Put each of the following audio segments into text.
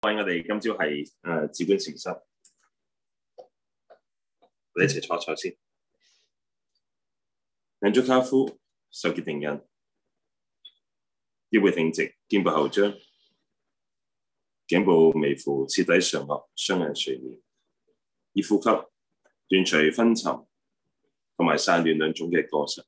歡迎我哋今朝係誒止觀禪修，我哋一齊坐一坐先。兩足跏趺，手結定印，腰背挺直，肩部後張，頸部微俯，舌抵上顎，雙眼垂簾，以呼吸斷除昏沉，同埋散亂兩種嘅過失。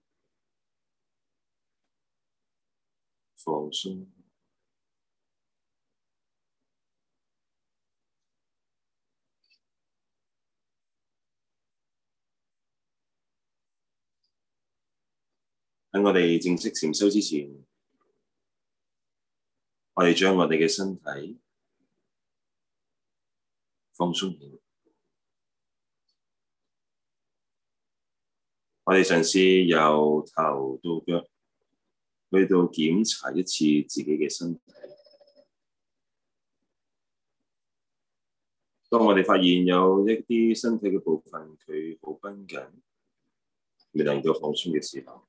放鬆。喺我哋正式禪修之前，我哋將我哋嘅身體放鬆。我哋嘗試由頭到腳。去到檢查一次自己嘅身體。當我哋發現有一啲身體嘅部分佢好繃緊，未能夠放鬆嘅時候，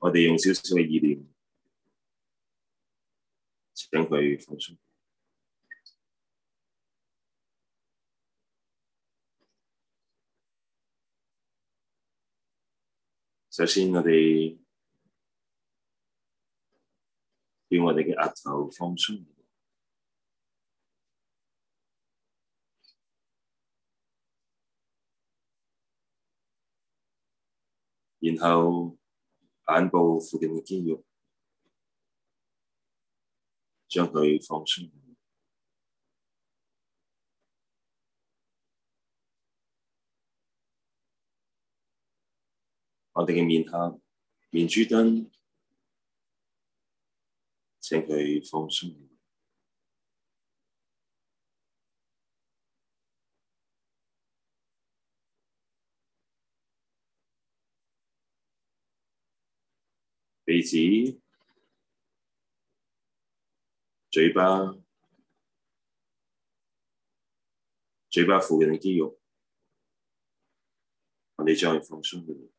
我哋用少少嘅意念請佢放鬆。首先我哋叫我哋嘅額頭放鬆，然後眼部附近嘅肌肉，將佢放鬆。我哋嘅面黑面珠墩，請佢放鬆。鼻子、嘴巴、嘴巴附近嘅肌肉，我哋再放鬆。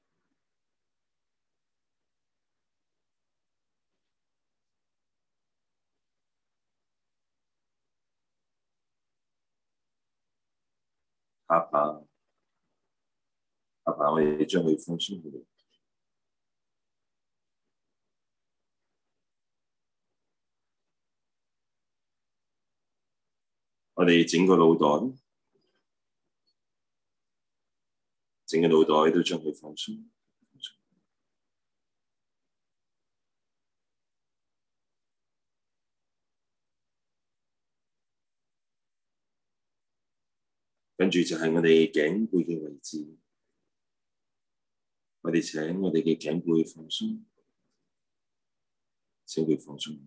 下巴，下巴，我哋將佢放鬆佢哋，我哋整個腦袋，整個腦袋都將佢放鬆。跟住就係我哋頸背嘅位置，我哋請我哋嘅頸背放鬆，請佢放鬆。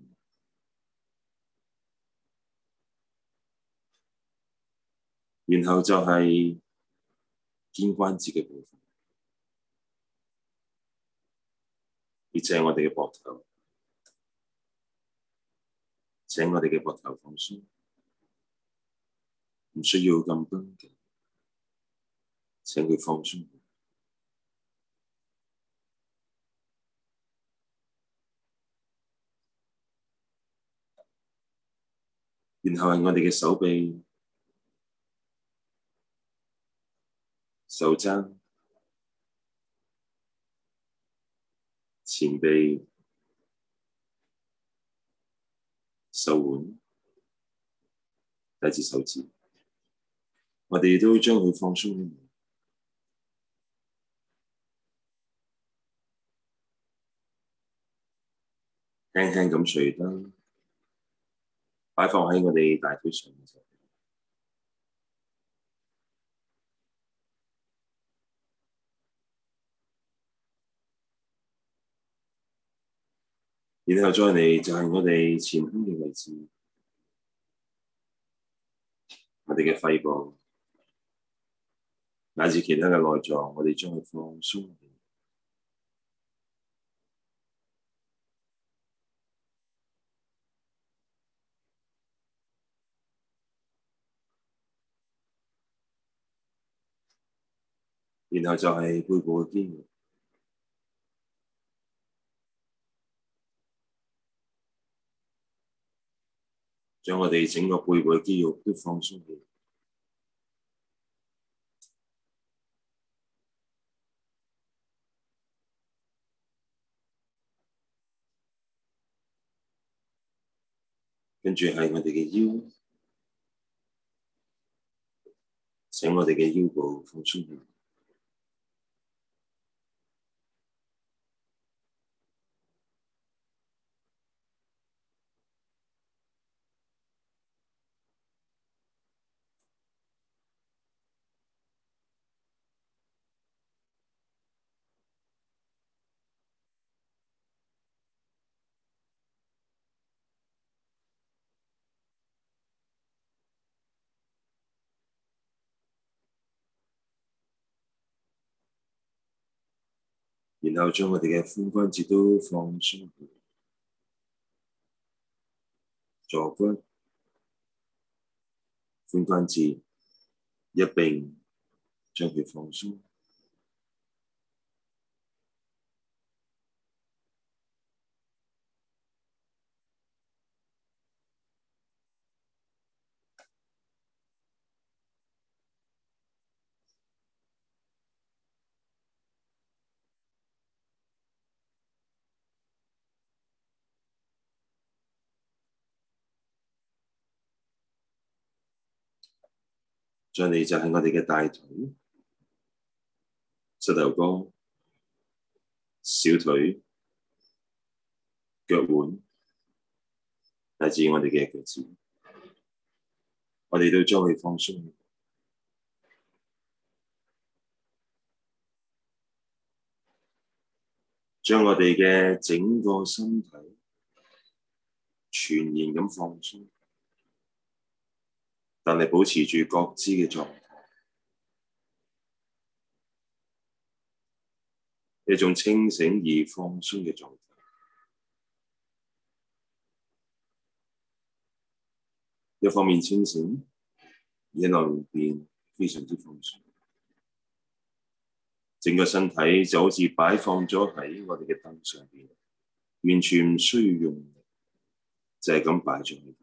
然後就係肩關節嘅部分，以及我哋嘅膊頭，請我哋嘅膊頭放鬆。唔需要咁繃緊，請佢放鬆。然後係我哋嘅手臂、手踭、前臂、手腕、乃至手指。我哋都將佢放鬆，輕輕咁垂低，擺放喺我哋大腿上嘅時候，然後再嚟就係我哋前胸嘅位置，我哋嘅肺部。乃至其他嘅內臟，我哋將佢放鬆，然後就係背部嘅肌肉，將我哋整個背部嘅肌肉都放鬆住。跟住係我哋嘅腰，使我哋嘅腰部放鬆。然後將我哋嘅髖關節都放鬆佢，坐骨、髖關節一並將佢放鬆。上嚟就係我哋嘅大腿、膝頭哥、小腿、腳腕，乃至我哋嘅腳趾，我哋都將佢放鬆，將我哋嘅整個身體全然咁放鬆。但係保持住覺知嘅狀態，一種清醒而放鬆嘅狀態。一方面清醒，一方面非常之放鬆。整個身體就好似擺放咗喺我哋嘅凳上邊，完全唔需要用力，就係咁擺喺度。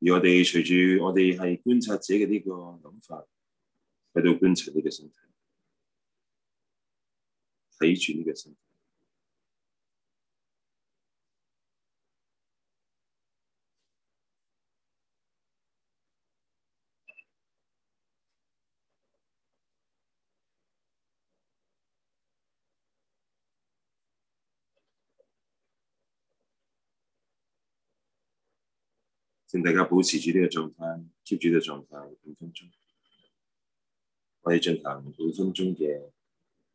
而我哋隨住我哋係觀察者嘅呢個諗法，喺度觀察呢個身體，睇住呢個身體。請大家保持住呢個狀態，keep 住個狀態五分鐘。我哋進行五分鐘嘅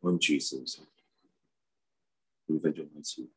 安住神識，五分鐘開始。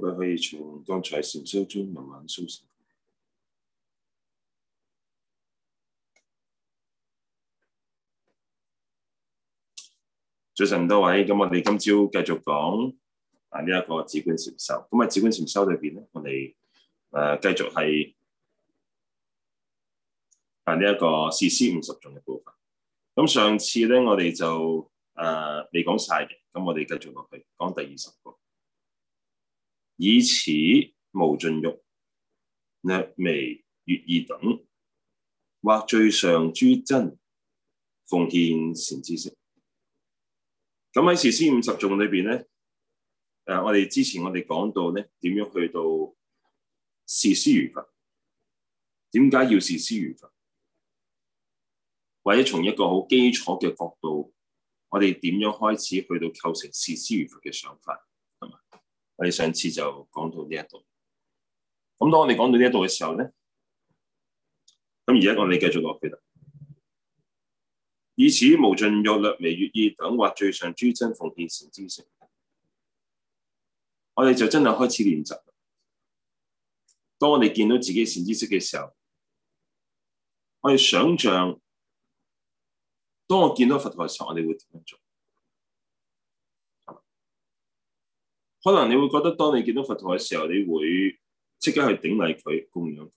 佢可以從剛才禪修中慢慢修成。早晨各位，咁我哋今朝繼續講啊呢一個止觀禪修。咁啊止觀禪修裏邊咧，我哋誒繼續係啊呢一個事師五十頌嘅部分。咁上次咧，我哋就誒未講曬嘅，咁我哋繼續落去講第二十個。以此無盡欲，略微悅意等，或最上諸珍，奉獻善知識。咁喺事師五十頌裏邊咧，誒、啊，我哋之前我哋講到咧，點樣去到事師如佛？點解要事師如佛？或者從一個好基礎嘅角度，我哋點樣開始去到構成事師如佛嘅想法？係嘛？我哋上次就講到呢一度，咁當我哋講到呢一度嘅時候咧，咁而家我哋繼續落去啦。以此無盡欲，略微悅意等，或最上諸珍，奉獻善知識，我哋就真係開始練習。當我哋見到自己善知識嘅時候，我哋想像，當我見到佛陀嘅時候，我哋會點樣做？可能你會覺得，當你見到佛陀嘅時候，你會即刻去頂禮佢、供養佢。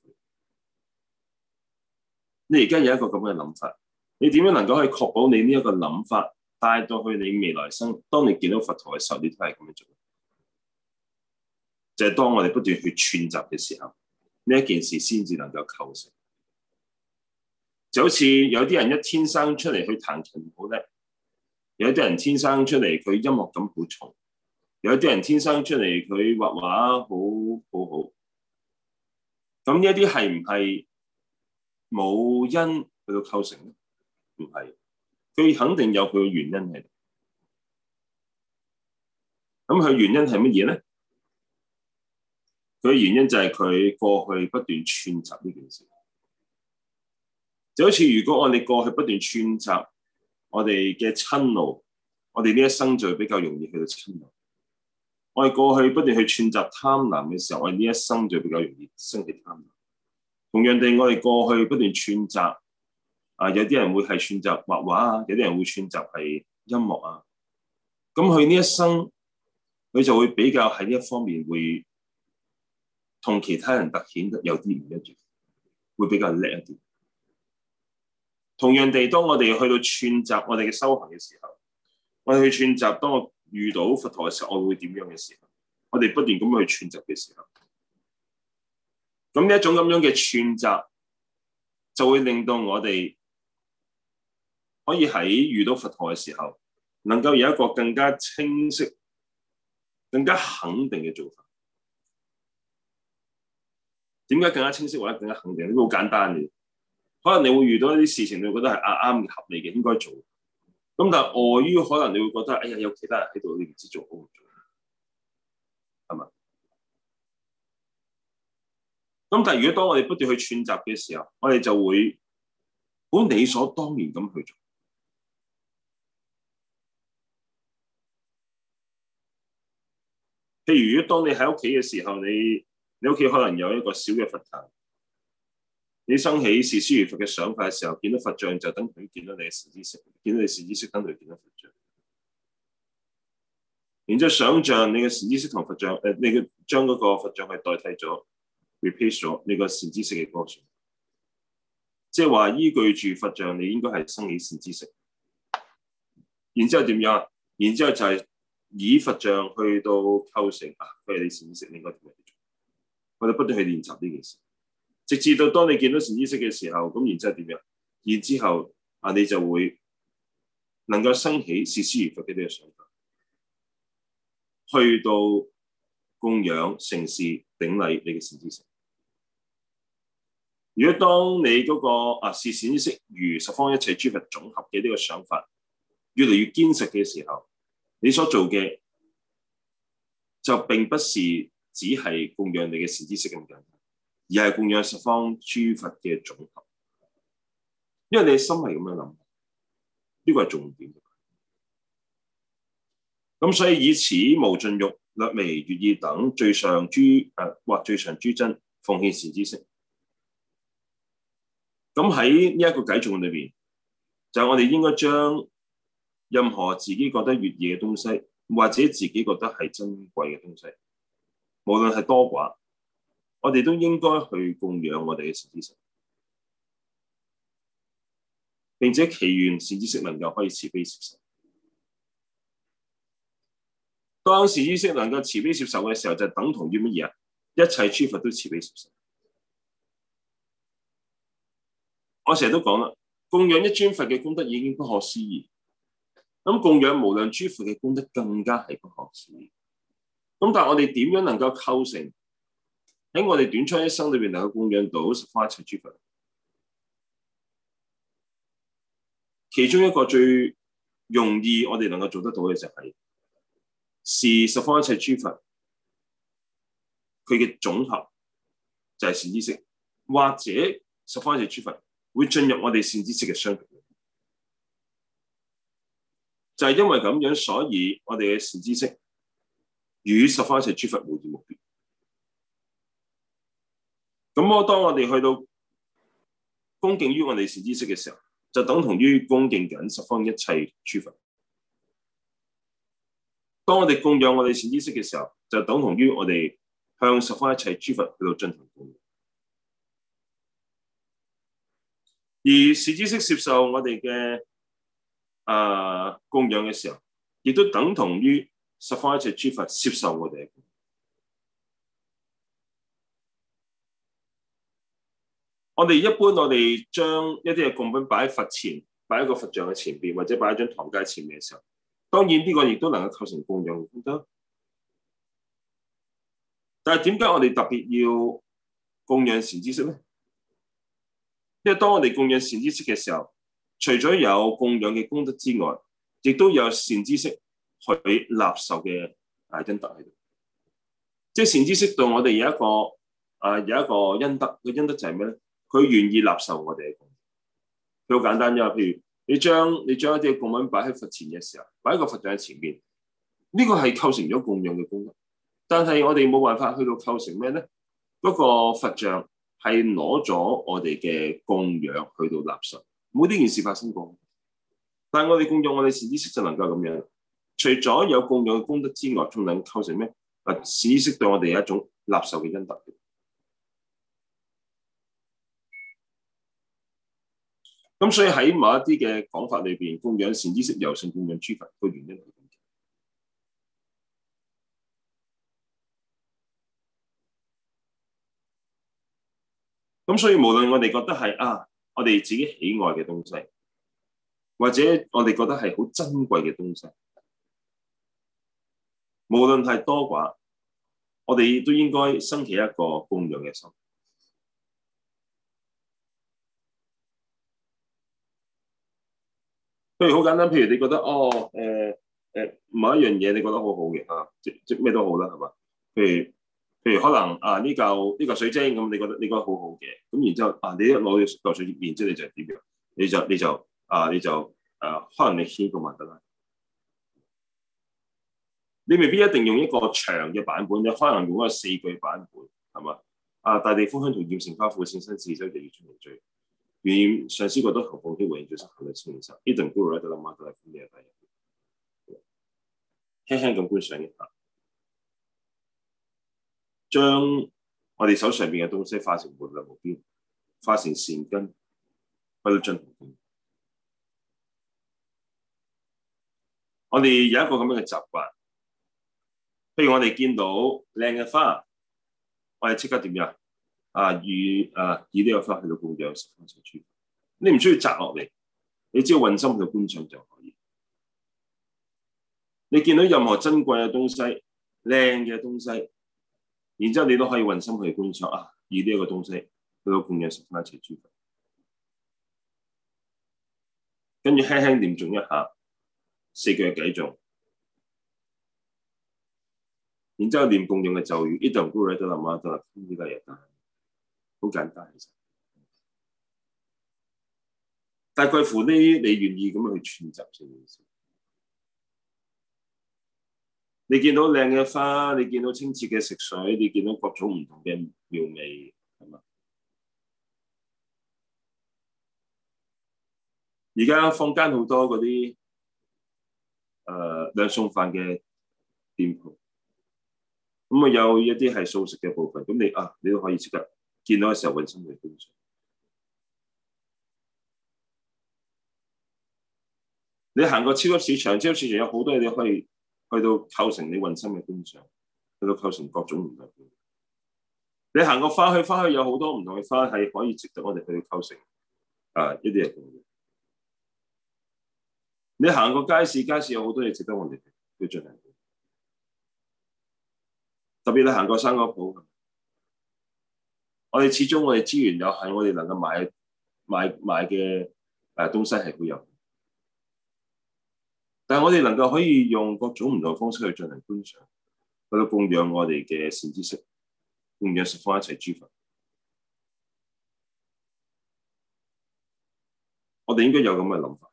你而家有一個咁嘅諗法，你點樣能夠去以確保你呢一個諗法帶到去你未來生？當你見到佛陀嘅時候，你都係咁樣做的。就係、是、當我哋不斷去串集串習嘅時候，呢一件事先至能夠構成。就好似有啲人一天生出嚟去彈琴好叻，有啲人天生出嚟佢音樂感好重，有啲人天生出嚟，佢畫畫好好好。咁呢一啲係唔係冇因去到構成咧？唔係，佢肯定有佢嘅原因係。咁佢原因係乜嘢咧？佢嘅原因就係佢過去不斷串習呢件事，就好似如果我哋過去不斷串習我哋嘅瞋怒，我哋呢一生就比較容易去到瞋怒。我哋過去不斷去串習貪婪嘅時候，我哋呢一生就比較容易升起貪婪。同樣地，我哋過去不斷串習，啊，有啲人會係串習畫畫啊，有啲人會串習係音樂啊。咁佢呢一生，佢就會比較喺呢一方面會同其他人特顯得有啲唔一樣，會比較叻一啲。同樣地，當我哋去到串習我哋嘅修行嘅時候，我哋去串習，當我。遇到佛陀嘅時候，我會點樣嘅時候？我哋不斷咁去串習嘅時候，咁呢一種咁樣嘅串習，就會令到我哋可以喺遇到佛陀嘅時候，能夠有一個更加清晰、更加肯定嘅做法。點解更加清晰或者更加肯定？呢個好簡單嘅，可能你會遇到一啲事情，你會覺得係啱啱合理嘅，應該做。咁但係礙於可能你會覺得，哎呀，有其他人喺度，你唔知做好唔做，係咪？咁但係如果當我哋不斷去串習嘅時候，我哋就會好理所當然咁去做。譬如如果當你喺屋企嘅時候，你你屋企可能有一個小嘅佛堂。你生起事師如佛嘅想法嘅時候，見到佛像就等於見到你嘅善知識；見到你善知識，等佢見到佛像。然之後想象你嘅善知識同佛像，誒、呃，你將嗰個佛像係代替咗，replace 咗你個善知識嘅過程。即係話依據住佛像，你應該係生起善知識。然之後點樣？然之後就係以佛像去到構成啊，譬如你善知識，你應該點樣去做？我哋不斷去練習呢件事。直至到當你見到善知識嘅時候，咁然之後點樣？然之後啊，你就會能夠升起視師如佛嘅呢個想法，去到供養、承事、頂禮你嘅善知識。如果當你嗰、那個啊視善知識如十方一切諸佛總合嘅呢個想法越嚟越堅實嘅時候，你所做嘅就並不是只係供養你嘅善知識咁簡又係供養十方諸佛嘅總合，因為你心係咁樣諗，呢、這個係重點。咁所以以此無盡欲，略微悅意等，最上諸誒，或、呃、最上諸珍，奉獻善知識。咁喺呢一個偈頌裏邊，就我哋應該將任何自己覺得悅意嘅東西，或者自己覺得係珍貴嘅東西，無論係多寡。我哋都應該去供養我哋嘅善知識，並且祈願善知識能夠可以慈悲接受。當善知識能夠慈悲接受嘅時候，就是等同於乜嘢？一切諸佛都慈悲接受。我成日都講啦，供養一尊佛嘅功德已經不可思議。咁供養無量諸佛嘅功德更加係不可思議。咁但係我哋點樣能夠構成？喺我哋短暫一生裏邊能夠供養到十方一切諸佛，其中一個最容易我哋能夠做得到嘅就係是,是十方一切諸佛，佢嘅總合就係善知識，或者十方一切諸佛會進入我哋善知識嘅相續，就係因為咁樣，所以我哋嘅善知識與十方一切諸佛無有咁我當我哋去到恭敬於我哋善知識嘅時候，就等同於恭敬緊十方一切諸佛。當我哋供養我哋善知識嘅時候，就等同於我哋向十方一切諸佛去到進行供養。而善知識接受我哋嘅誒供養嘅時候，亦都等同於十方一切諸佛接受我哋。我哋一般，我哋將一啲嘅供品擺喺佛前，擺喺個佛像嘅前邊，或者擺喺張唐卡前面嘅時候，當然呢個亦都能夠構成供養嘅功德。但係點解我哋特別要供養善知識咧？因為當我哋供養善知識嘅時候，除咗有供養嘅功德之外，亦都有善知識去納受嘅啊，恩德喺度。即係善知識對我哋有一個啊，有一個恩德。個恩德就係咩咧？佢願意納受我哋嘅供，佢好簡單啫。譬如你將你將一啲供品擺喺佛前嘅時候，擺個佛像喺前面，呢個係構成咗供養嘅功德。但係我哋冇辦法去到構成咩咧？嗰個佛像係攞咗我哋嘅供養去到納受，冇呢件事發生過。但係我哋供養我哋善知識就能夠咁樣。除咗有供養嘅功德之外，仲能構成咩？善知識對我哋有一種納受嘅恩德。咁所以喺某一啲嘅講法裏邊，供養善知識由善供養諸佛個原因嚟嘅。咁所以無論我哋覺得係啊，我哋自己喜愛嘅東西，或者我哋覺得係好珍貴嘅東西，無論係多寡，我哋都應該生起一個供養嘅心。譬如好簡單，譬如你覺得哦，誒、呃、誒、呃、某一樣嘢你覺得好好嘅啊，即即咩都好啦，係嘛？譬如譬如可能啊呢嚿呢嚿水晶咁，你覺得你覺得好好嘅，咁然之後啊你一攞呢嚿水晶，然之後你就點樣？你就你就啊你就誒、啊啊、可能你獻個曼達啦，你未必一定用一個長嘅版本，你可能用一個四句版本，係嘛？啊大地風香同染成花，苦線新市州，就要中人醉。願上司覺得好好的為人做事，好有成就。一定鼓勵得到下德來捐入第一。輕輕咁觀賞一下，將我哋手上邊嘅東西化成無量無邊，化成善根，去到盡。我哋有一個咁樣嘅習慣，譬如我哋見到靚嘅花，我哋即刻點樣？啊，以啊以呢個花去到供養十方一切諸佛，你唔需要摘落嚟，你只要運心去觀賞就可以。你見到任何珍貴嘅東西、靚嘅東西，然之後你都可以運心去觀賞啊，以呢一個東西去到供養十方一切諸佛，跟住輕輕念誦一下，四句偈頌，然之後念供養嘅咒語，呢陣都喺度唸啊唸啊，天啲都有好簡單其實，大概乎呢？你願意咁樣去串集先。你見到靚嘅花，你見到清澈嘅食水，你見到各種唔同嘅妙味，係嘛？而家坊間好多嗰啲誒兩餸飯嘅店鋪，咁啊有一啲係素食嘅部分，咁你啊，你都可以食得。見到嘅時候，運生嘅因素。你行過超級市場，超級市場有好多嘢你可以去到構成你運生嘅因素，去到構成各種唔同嘅。你行過花墟，花墟有好多唔同嘅花係可以值得我哋去構成，啊，呢啲嘢重要。你行過街市，街市有好多嘢值得我哋去進行。特別你行過生果鋪。我哋始終我哋資源有限。我哋能夠買買買嘅誒東西係會有的，但係我哋能夠可以用各種唔同嘅方式去進行觀賞，去到供養我哋嘅善知識，供養十方一切諸佛，我哋應該有咁嘅諗法。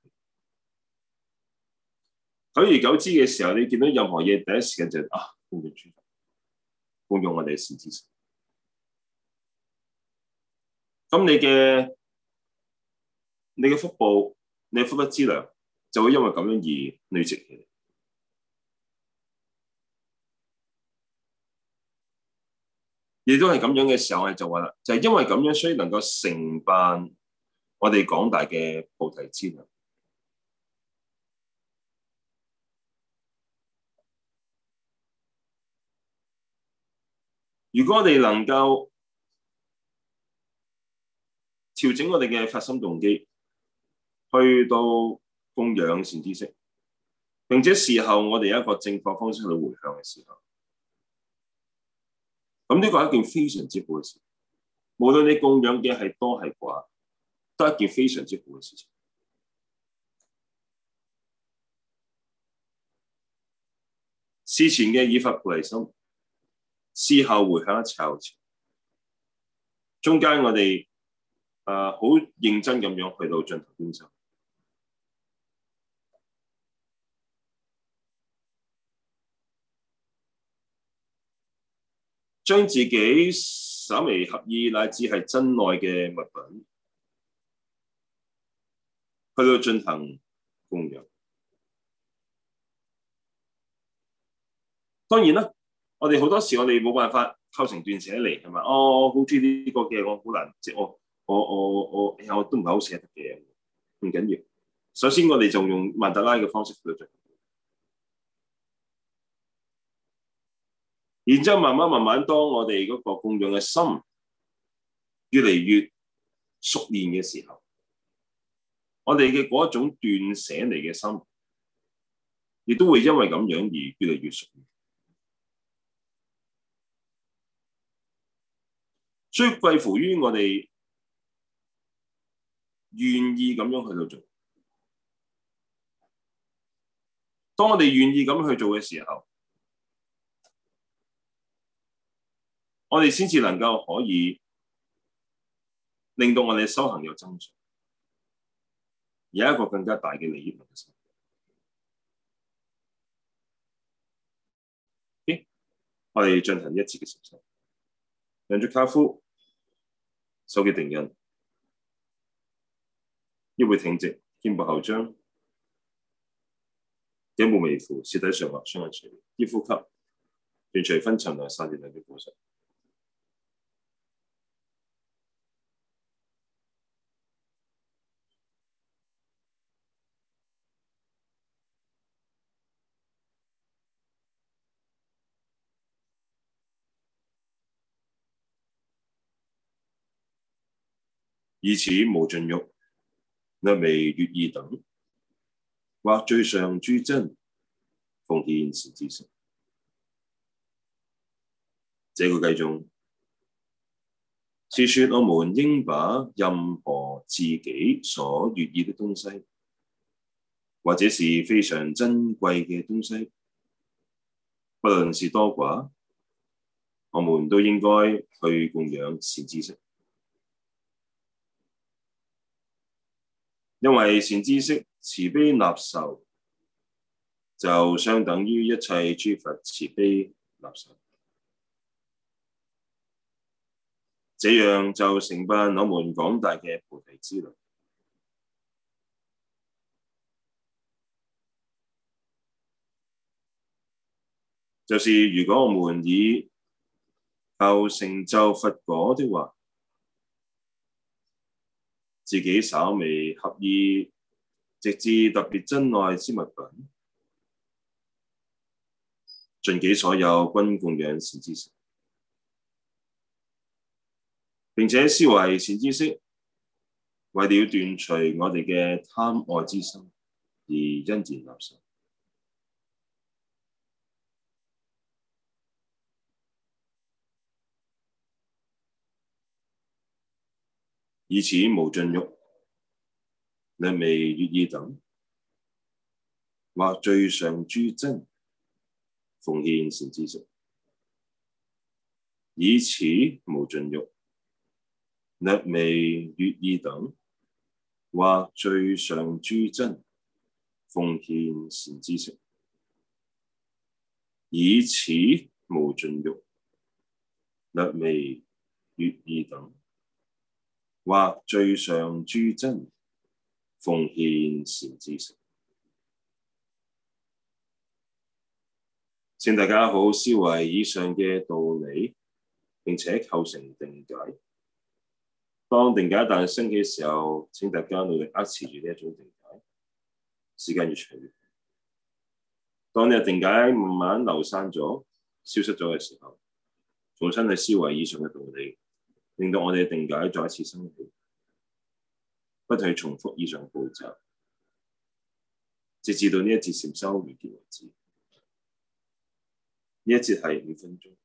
久而久之嘅時候，你見到任何嘢，第一時間就是、啊，供養諸佛，供養我哋嘅善知識。咁你嘅你嘅腹部，你嘅福德資糧就會因為咁樣而累積起嚟。亦都係咁樣嘅時候，係就話啦，就係、是、因為咁樣，所以能夠成辦我哋廣大嘅菩提資糧。如果我哋能夠，調整我哋嘅發心動機，去到供養善知識，並且事後我哋有一個正確方式去回向嘅時候，咁呢個係一件非常之好嘅事。無論你供養嘅係多係寡，都係一件非常之好嘅事情。事前嘅以法為心，事後回向一次後，中間我哋。誒，好認真咁樣去到盡頭邊就，將自己稍微合意乃至係珍愛嘅物品，去到進行供養。當然啦，我哋好多時我哋冇辦法構成段寫嚟，係咪？哦，好中意呢個嘅，我好難接喎。我我我，哎呀，我都唔係好捨得嘅，唔緊要。首先我哋就用曼德拉嘅方式去做，然之後慢慢慢慢，當我哋嗰個供養嘅心越嚟越熟練嘅時候，我哋嘅嗰一種斷捨離嘅心，亦都會因為咁樣而越嚟越熟練。所以貴乎於我哋，願意咁樣去到做，當我哋願意咁樣去做嘅時候，我哋先至能夠可以令到我哋修行有增長，有一個更加大嘅利益。Okay? 我哋進行一次嘅誦經，願諸卡夫所嘅定因。腰背挺直，肩部後張，頸部微扶，舌抵上牙，雙眼垂。啲呼吸，完全分層嚟，三字嚟嘅呼吸。以此無盡欲。略微悅意等，或最上諸珍，奉獻善知識，這個偈頌是說，我們應把任何自己所悅意的東西，或者是非常珍貴嘅東西，不論是多寡，我們都應該去供養善知識。因為善知識慈悲納受，就相等於一切諸佛慈悲納受，這樣就成辦我們廣大嘅菩提資糧。就是如果我們以求成就佛果的話。自己稍微合意，直至特別珍愛之物品，盡己所有，均供養善知識。並且思維善知識，為了斷除我哋嘅貪愛之心，而欣然納受。以此無盡欲，略微悅意等，或最上諸珍，奉獻善知識；以此無盡欲，略微悅意等，或最上諸珍，奉獻善知識；以此無盡欲，略微悅意等。或最上諸珍，奉獻善知識，請大家好思維以上嘅道理，並且構成定解。當定解一旦升起嘅時候，請大家努力握持住呢一種定解，時間越長越好。當你嘅定解慢慢流散咗、消失咗嘅時候，重新去思維以上嘅道理。令到我哋定解再次升起，不斷重複以上步驟，直至到呢一節禪修完結為止。呢一節係五分鐘，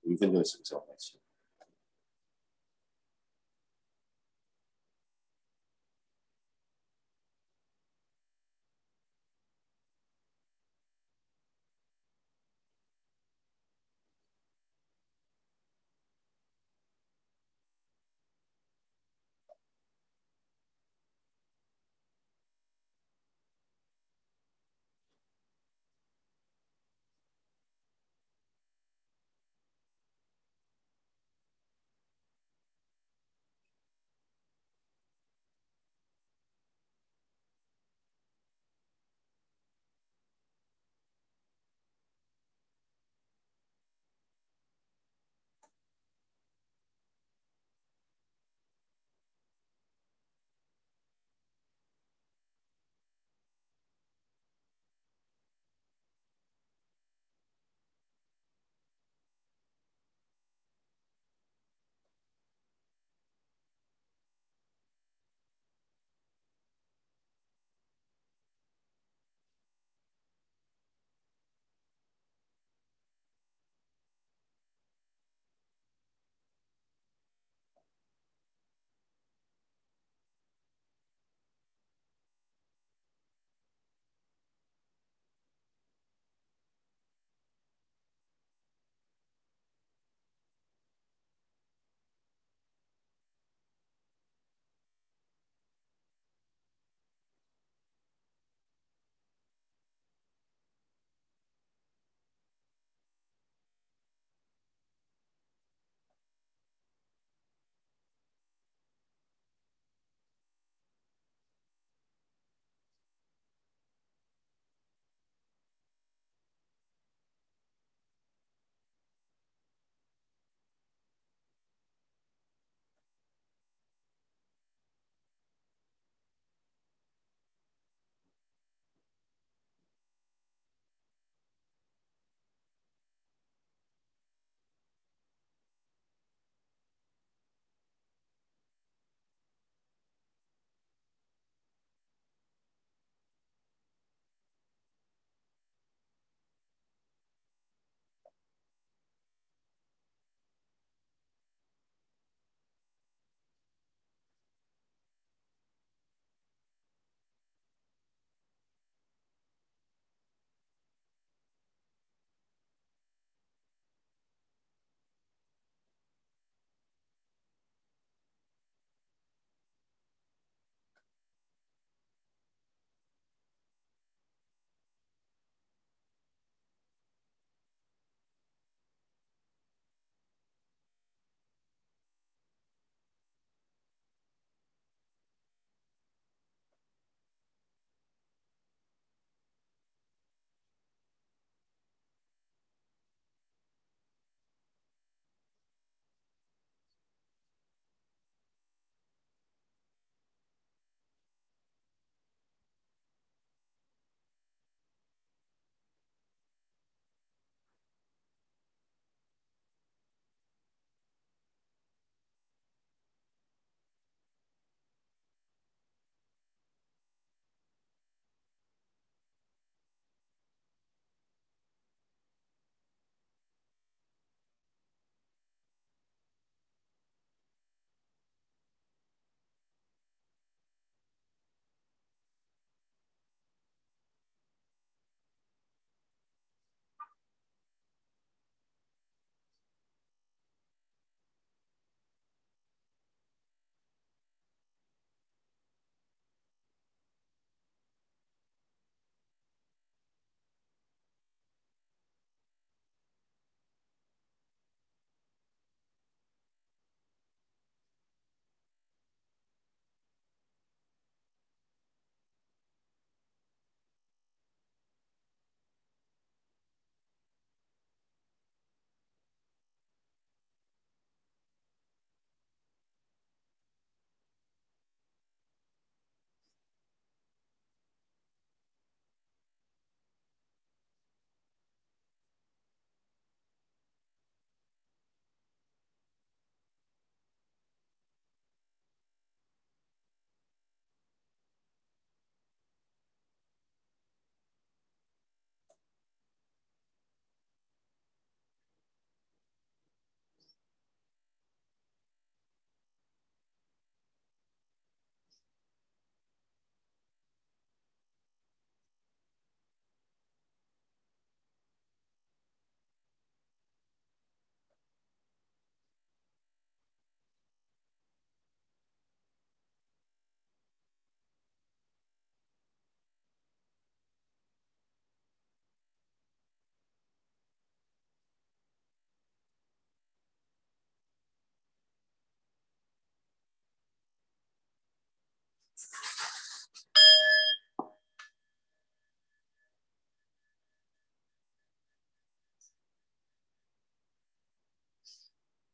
五分鐘嘅禪修為止。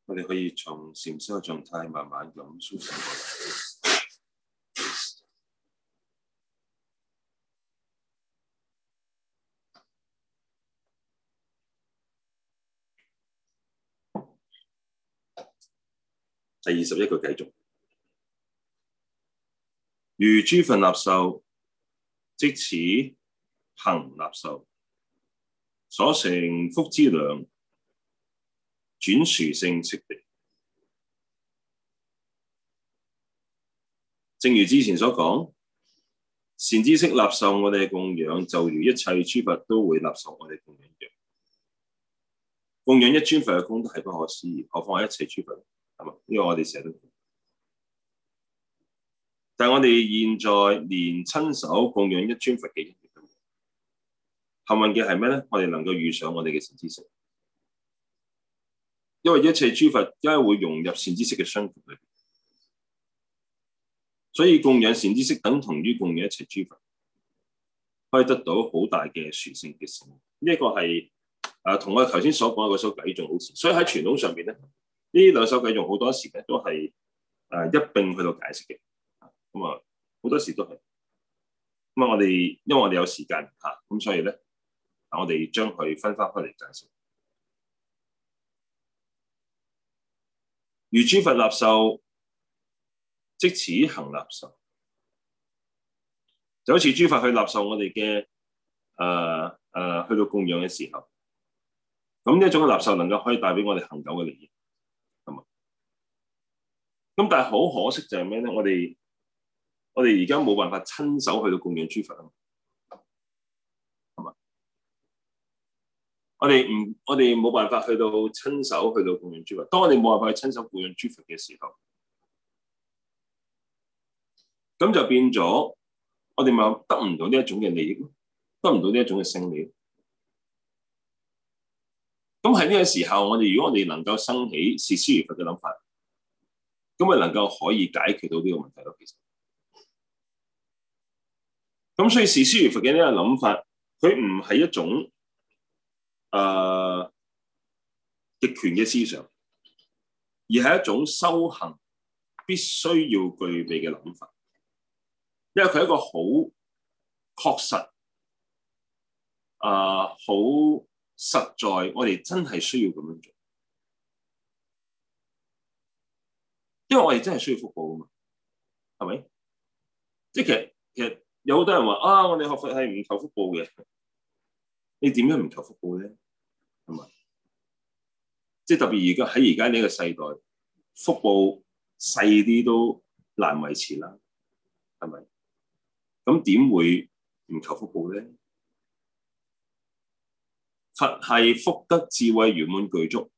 我哋可以從禪修嘅狀態慢慢咁舒緩過嚟。第二十一個繼續。如諸佛納受，即此恆納受，所成福資糧，轉殊勝悉地。正如之前所講，善知識納受我哋嘅供養，就如一切諸佛都會納受我哋嘅供養一樣。供養一尊佛嘅功德係不可思議，何況係一切諸佛係嘛？因為我哋成日都。但係我哋現在連親手供養一尊佛，幾幸運嘅係咩咧？我哋能夠遇上我哋嘅善知識，因為一切諸佛皆會融入善知識嘅相續裏邊，所以供養善知識等同於供養一切諸佛，可以得到好大嘅殊勝嘅成就。呢、這、一個係啊，同我頭先所講嗰首偈仲好似，所以喺傳統上邊咧，呢兩首偈仲好多時咧，都係啊一併去到解釋嘅。咁啊，好多時都係咁啊！我哋因為我哋有時間嚇，咁所以咧，嗱，我哋將佢分開開嚟介紹。如諸佛納受，即此恆納受，就好似諸佛去納受我哋嘅誒誒，去到供養嘅時候，咁呢一種嘅納受能夠可以帶俾我哋恒久嘅利益，係咪？咁但係好可惜就係咩咧？我哋我哋而家冇辦法親手去到供養諸佛啊，係嘛？我哋唔，我哋冇辦法去到親手去到供養諸佛。當我哋冇辦法去親手供養諸佛嘅時候，咁就變咗，我哋咪得唔到呢一種嘅利益咯，得唔到呢一種嘅勝利。咁喺呢個時候，我哋如果我哋能夠生起視師如佛嘅諗法，咁咪能夠可以解決到呢個問題咯，其實。咁所以事師如佛嘅呢個諗法，佢唔係一種誒極、呃、權嘅思想，而係一種修行必須要具備嘅諗法。因為佢係一個好確實誒好、呃、實在，我哋真係需要咁樣做。因為我哋真係需要福報噶嘛，係咪？即係其實其實。其實有好多人話啊，我哋學佛係唔求福報嘅，你點樣唔求福報咧？係咪？即係特別而家喺而家呢個世代，福報細啲都難維持啦，係咪？咁點會唔求福報咧？佛係福德智慧圓滿具足，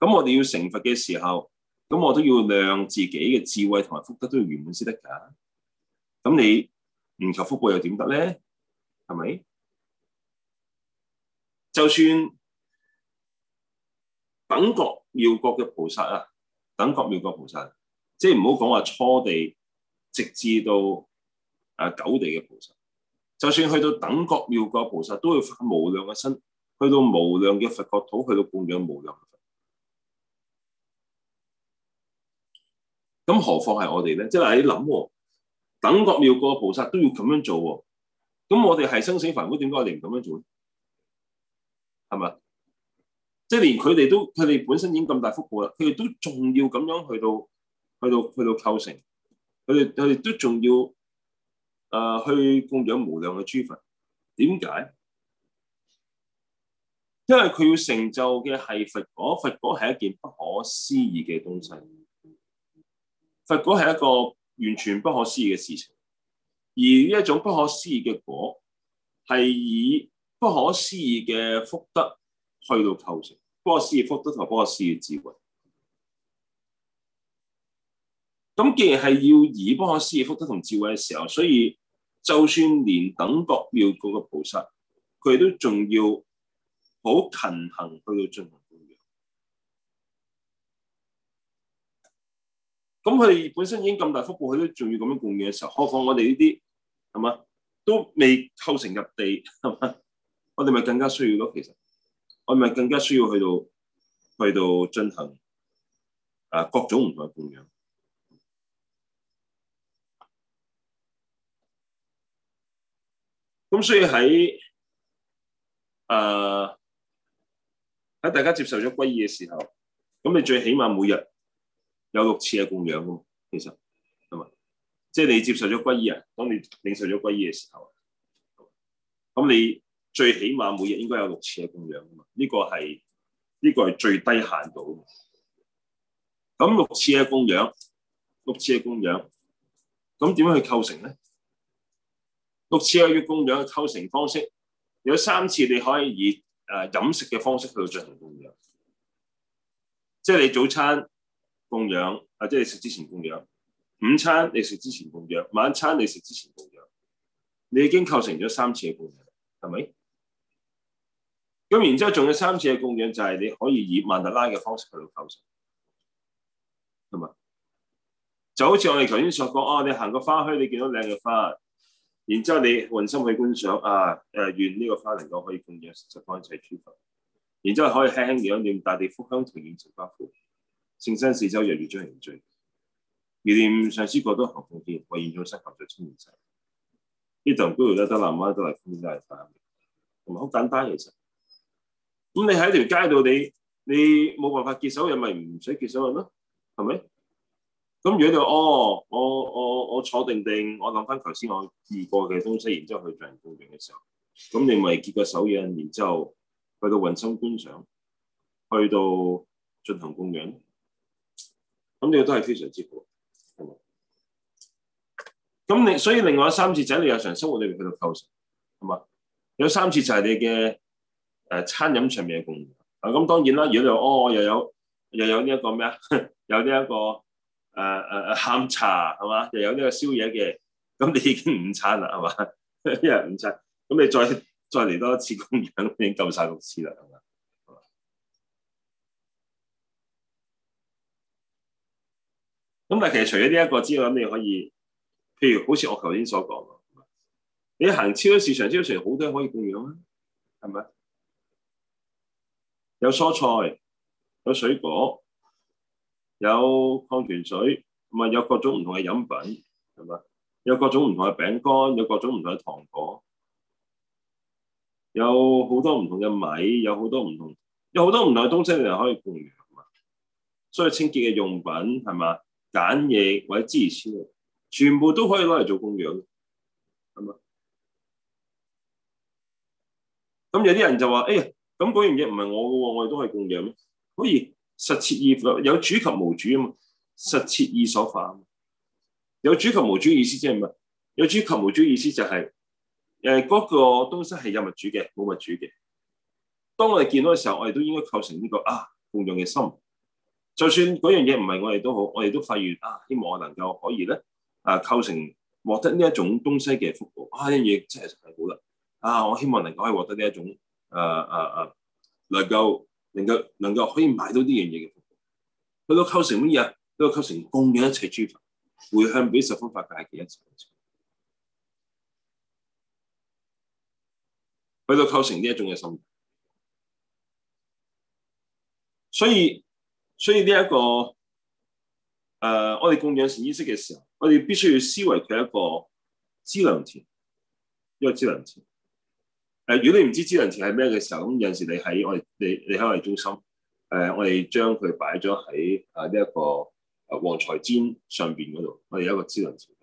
咁我哋要成佛嘅時候，咁我都要量自己嘅智慧同埋福德都要圓滿先得㗎。咁你唔求福報又點得咧？係咪？就算等覺妙覺嘅菩薩啊，等覺妙覺菩薩，即係唔好講話初地，直至到誒九地嘅菩薩，就算去到等覺妙覺菩薩，都要發無量嘅身，去到無量嘅佛國土，去到供養無量嘅佛。咁何況係我哋咧？即係喺諗。等覺妙個菩薩都要咁樣做。哦，咁我哋係生死凡夫，點解我哋唔咁樣做？係咪？即係連佢哋都，佢哋本身已經咁大福報啦，佢哋都仲要咁樣去到，去到，去到構成，佢哋，佢哋都仲要誒、呃、去供養無量嘅諸佛。點解？因為佢要成就嘅係佛果，佛果係一件不可思議嘅東西，佛果係一個。完全不可思議嘅事情，而呢一種不可思議嘅果，係以不可思議嘅福德去到構成不可思議福德、同不可思議的智慧。咁既然係要以不可思議福德同智慧嘅時候，所以就算連等覺妙覺嗰個菩薩，佢都仲要好勤行去到進行。咁佢本身已經咁大福報，佢都仲要咁樣供養嘅時候，何況我哋呢啲係嘛，都未構成入地係嘛，我哋咪更加需要咯。其實我哋咪更加需要去到去到進行啊各種唔同嘅供養。咁所以喺誒喺大家接受咗皈依嘅時候，咁你最起碼每日有六次嘅供養噶嘛？其實係咪？即係、就是、你接受咗皈依啊？當你領受咗皈依嘅時候，咁你最起碼每日應該有六次嘅供養噶嘛？呢、這個係呢、這個係最低限度。咁六次嘅供養，六次嘅供養，咁點樣去構成咧？六次嘅要供養，構成方式有三次，你可以以誒、呃、飲食嘅方式去進行供養，即係你早餐。供養，啊，即係你食之前供養；午餐你食之前供養，晚餐你食之前供養。你已經構成咗三次嘅供養，係咪？咁然之後仲有三次嘅供養，就係你可以以曼特拉嘅方式去到構成，係咪？就好似我哋頭先講過，啊，你行個花墟，你見到靚嘅花，然之後你運心去觀賞，啊，誒願呢個花能夠可以供養十方一切諸佛，然之後可以輕輕點點大地福香，同願十花。聖山四周，日日將人醉；雨點上司過多行風片，為現咗失含在清熱石。一頭孤搖得了媽媽得了的，南媽都嚟風帶嚟翻，同埋好簡單其實。咁你喺條街度，你你冇辦法結手印，咪唔使結手印咯，係咪？咁如果就哦，我我我，我坐定定，我諗翻頭先我遇過嘅東西，然之後去進行供養嘅時候，咁你咪結個手印，然之後去到運心觀想，去到進行供養。咁你都係非常之好，係嘛？咁你所以另外三次就喺，你日常生活裏面去到構成，係嘛？有三次就係你嘅誒、呃、餐飲上面嘅供養啊。咁當然啦，如果你哦又有又有呢一個咩啊，有呢一個誒誒下午茶係嘛？又有呢個、, 這個呃呃、個宵夜嘅，咁你已經午餐啦係嘛？一日 午餐，咁你再再嚟多一次供養已經夠晒六次啦。咁但係其實除咗呢一個之外，你可以，譬如好似我頭先所講，你行超級市場、超市好多可以供養啊，係咪？有蔬菜，有水果，有礦泉水，同埋有各種唔同嘅飲品，係咪？有各種唔同嘅餅乾，有各種唔同嘅糖果，有好多唔同嘅米，有好多唔同，有好多唔同嘅東西，你又可以供養啊。所以清潔嘅用品係咪啊？揀嘢或者支持全部都可以攞嚟做供養，係嘛？咁有啲人就話，哎呀，咁嗰樣嘢唔係我嘅，我哋都係供養咩？可以實設意有主及無主啊？嘛，實設意所化有主及無主意思即係乜？有主及無主，意，有主，及無主意思就係，誒嗰、個東西係有物主嘅，冇物主嘅。當我哋見到嘅時候，我哋都應該構成呢、個啊供養嘅心。就算嗰樣嘢唔係我哋都好，我哋都發願啊！希望我能夠可以咧，啊構成獲得呢一種東西嘅福報，啊呢樣嘢真係係好啦！啊，我希望能夠可以獲得呢一種，誒誒誒，能夠能夠能夠可以買到呢樣嘢嘅福報。去到構成乜嘢？去到構成供養一切諸佛，回向俾十方法界嘅一切。去到構成呢一種嘅心。所以。所以呢、這、一個誒、呃，我哋供養善知識嘅時候，我哋必須要思維佢一個資糧田，一個資糧田。誒、呃，如果你唔知資糧田係咩嘅時候，咁、嗯、有陣時你喺我哋，你你喺我哋中心，誒、呃，我哋將佢擺咗喺啊呢一個黃財鉛上邊嗰度，我哋有一個資糧田。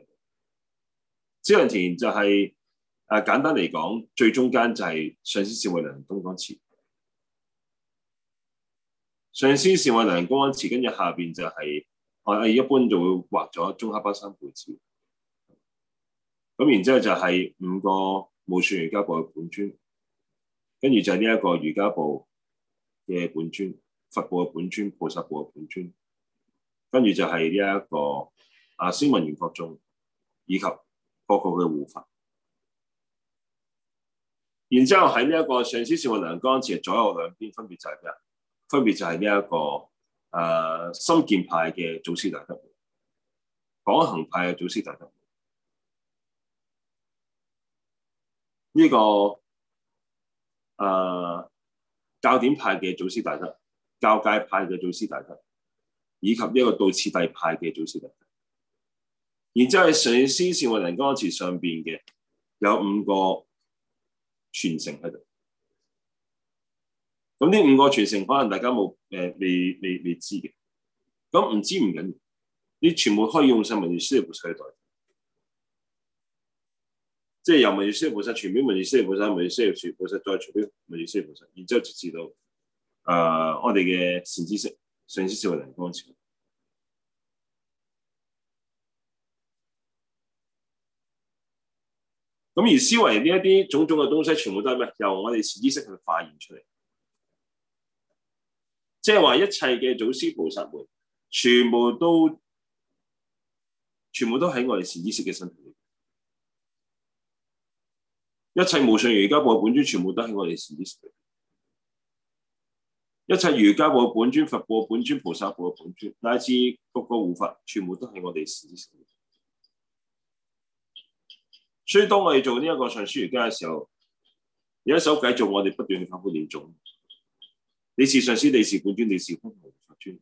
資糧田就係、是、誒、呃、簡單嚟講，最中間就係上師妙慧良東講詞。上師事的、就是為能仁金剛持，跟住下邊就係我我一般就會畫咗宗喀巴三父子，咁然之後就係五個無上瑜伽部嘅本尊，跟住就係呢一個瑜伽部嘅本尊，佛部嘅本、本尊、菩薩部嘅本尊，跟住就係呢一個啊聲聞緣覺眾以及各個嘅護法，然之後喺呢一個上師是為能仁金剛持，左右兩邊分別就係咩啊？分別就係呢一個誒深見派嘅祖師大德，廣行派嘅祖師大德，呢、這個誒、呃、教典派嘅祖師大德，教誡派嘅祖師大德，以及呢個道次第派嘅祖師大德。然之後係上師善運人歌詞上邊嘅有五個傳承喺度。咁呢五個傳承，可能大家冇誒、呃、未未未，未知嘅，咁唔知唔緊要，你全部可以用上文殊師利菩薩代替，即係由文殊師利菩薩，全面文殊師利菩薩，文殊師利菩薩，再全篇文殊師利菩薩，然之後直至到啊我哋嘅善知識、上知識光、人方知識。咁而思維呢一啲種種嘅東西，全部都係咩？由我哋善知識去發現出嚟。即係話一切嘅祖師菩薩們，全部都全部都喺我哋善知識嘅身體裏邊。一切無上瑜伽部嘅本尊，全部都喺我哋善知識裏邊。一切瑜伽部嘅本尊、佛部嘅本、本尊、菩薩部嘅本尊，乃至各個護法，全部都喺我哋善知識裏邊。所以當我哋做呢一個上師瑜伽嘅時候，有一首繼續我哋不斷去發菩提種。你是上師，你是本尊，你是空行佛尊。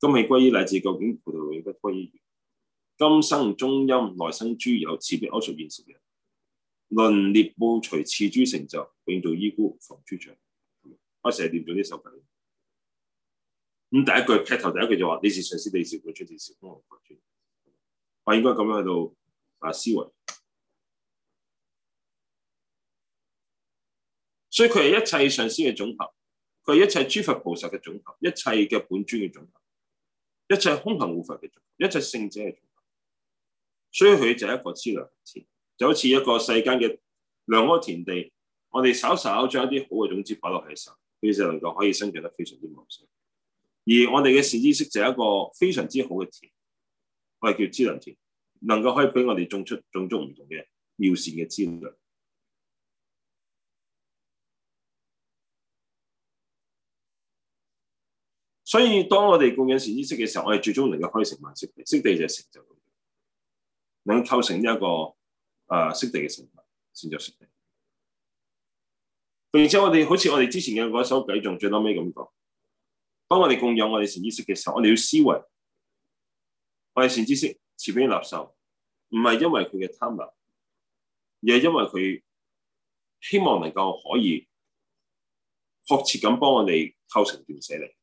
今起歸依乃至究竟菩提永不歸依。今生中陰來生諸有，慈悲安順現時人，輪列報除次諸成就，永做依怙佛尊長。嗯、我成日念咗呢首偈。咁、嗯、第一句劈頭第一句就話：你是上師，你是本尊，你是空行佛尊，事尊、嗯。我應該咁樣喺度啊思維。所以佢係一切上師嘅總合。佢係一切諸佛菩薩嘅總合，一切嘅本尊嘅總合，一切空行護法嘅總合，一切聖者嘅總合。所以佢就係一個資糧田，就好似一個世間嘅良好田地。我哋稍稍將一啲好嘅種子擺落去，時候佢就能夠可以生長得非常之茂盛。而我哋嘅善知識就係一個非常之好嘅田，我哋叫資糧田，能夠可以俾我哋種出種足唔同嘅妙善嘅資糧。所以當我哋供養善知識嘅時候，我哋最終能夠可以成辦悉地，悉地就是成就到嘅，能夠構成一個誒悉、呃、地嘅成物，成就悉地。並且我哋好似我哋之前嘅嗰首偈，仲最落尾咁講，當我哋供養我哋善知識嘅時候，我哋要思維，我哋善知識慈悲納受，唔係因為佢嘅貪婪，而係因為佢希望能夠可以確切咁幫我哋構成斷捨離。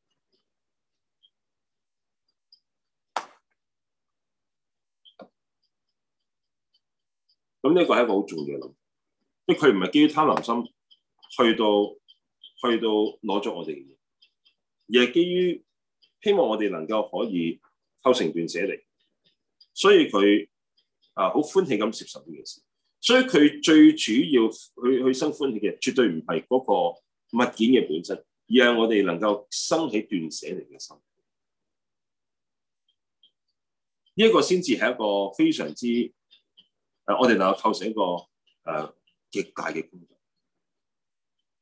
咁呢個係一個好重要嘅諗，即佢唔係基於貪婪心去到去到攞咗我哋嘅嘢，而係基於希望我哋能夠可以構成斷捨離，所以佢啊好歡喜咁接受呢件事。所以佢最主要去去生歡喜嘅，絕對唔係嗰個物件嘅本身，而係我哋能夠生起斷捨離嘅心。呢一個先至係一個非常之～誒，我哋能夠構成一個誒極、啊、大嘅功德，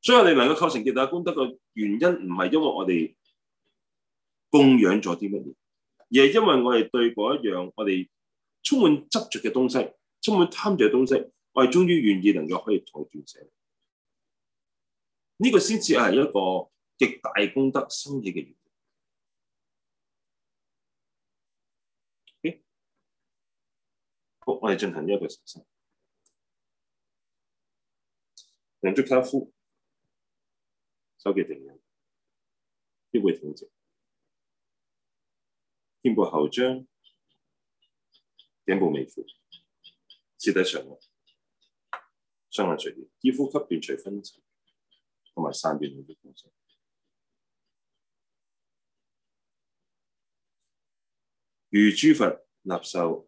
所以我哋能夠構成極大功德嘅原因，唔係因為我哋供養咗啲乜嘢，而係因為我哋對嗰一樣我哋充滿執着嘅東西，充滿貪着嘅東西，我哋終於願意能夠可以坐住死，呢、這個先至係一個極大功德生起嘅原因。好，我哋進行呢一個實修，兩足跏趺，手結定印，腰背挺直，肩部後張，頸部微屈，舌抵上岸，雙眼垂線，肌膚吸別除分層，同埋散亂嘅東西，如諸佛納受。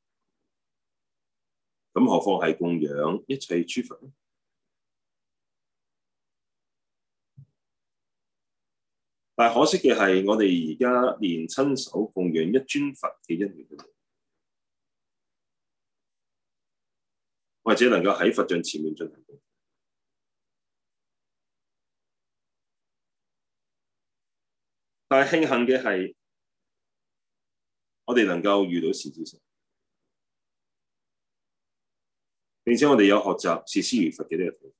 咁何況係供養一切諸佛呢？但可惜嘅係，我哋而家連親手供養一尊佛嘅機會都冇，或者能夠喺佛像前面進行供。但慶幸嘅係，我哋能夠遇到善知識。並且我哋有學習視師如佛嘅呢個睇法。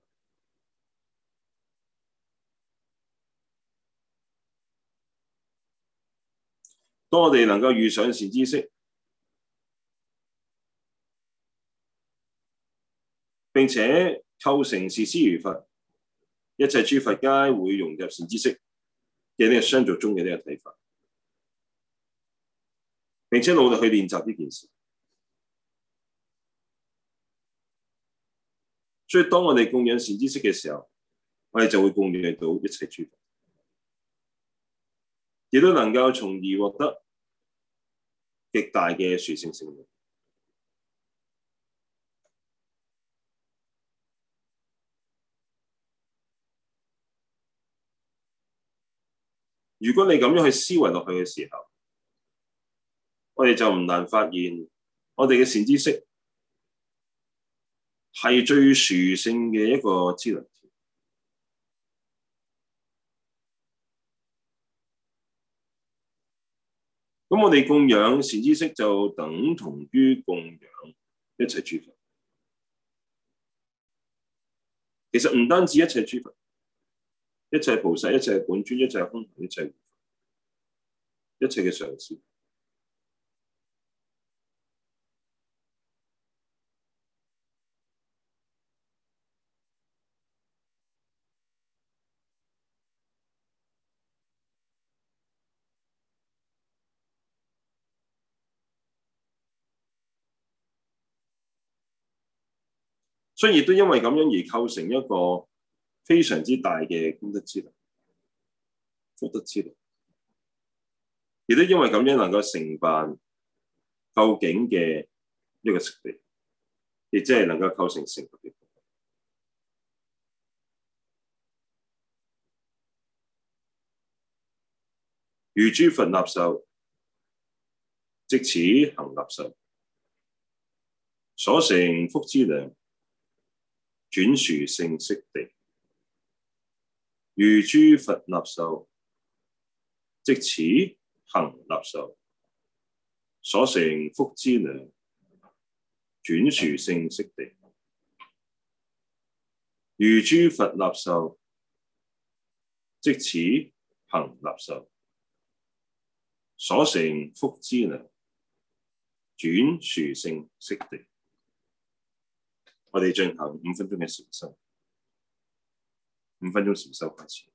當我哋能夠遇上善知識，並且構成視師如佛，一切諸佛皆會融入善知識嘅呢個相續中嘅呢個睇法，並且努力去練習呢件事。所以當我哋供養善知識嘅時候，我哋就會供養到一切諸佛，亦都能夠從而獲得極大嘅殊勝勝利。如果你咁樣去思維落去嘅時候，我哋就唔難發現，我哋嘅善知識，係最殊勝嘅一個資糧田。咁我哋供養善知識，就等同於供養一切諸佛。其實唔單止一切諸佛，一切菩薩，一切本尊，一切空行，一切，一切嘅上師。所以都因為咁樣而構成一個非常之大嘅功德之路、福德之路，亦都因為咁樣能夠成辦究竟嘅一個悉地，亦即係能夠構成成佛。如諸佛納受，即此恆納受，所成福資糧。轉殊勝悉地，如諸佛納受，即此恆納受，所成福資糧，轉殊勝悉地，如諸佛納受，即此恆納受，所成福資糧，轉殊勝悉地。我哋進行五分鐘嘅禪修，五分鐘禪修開始。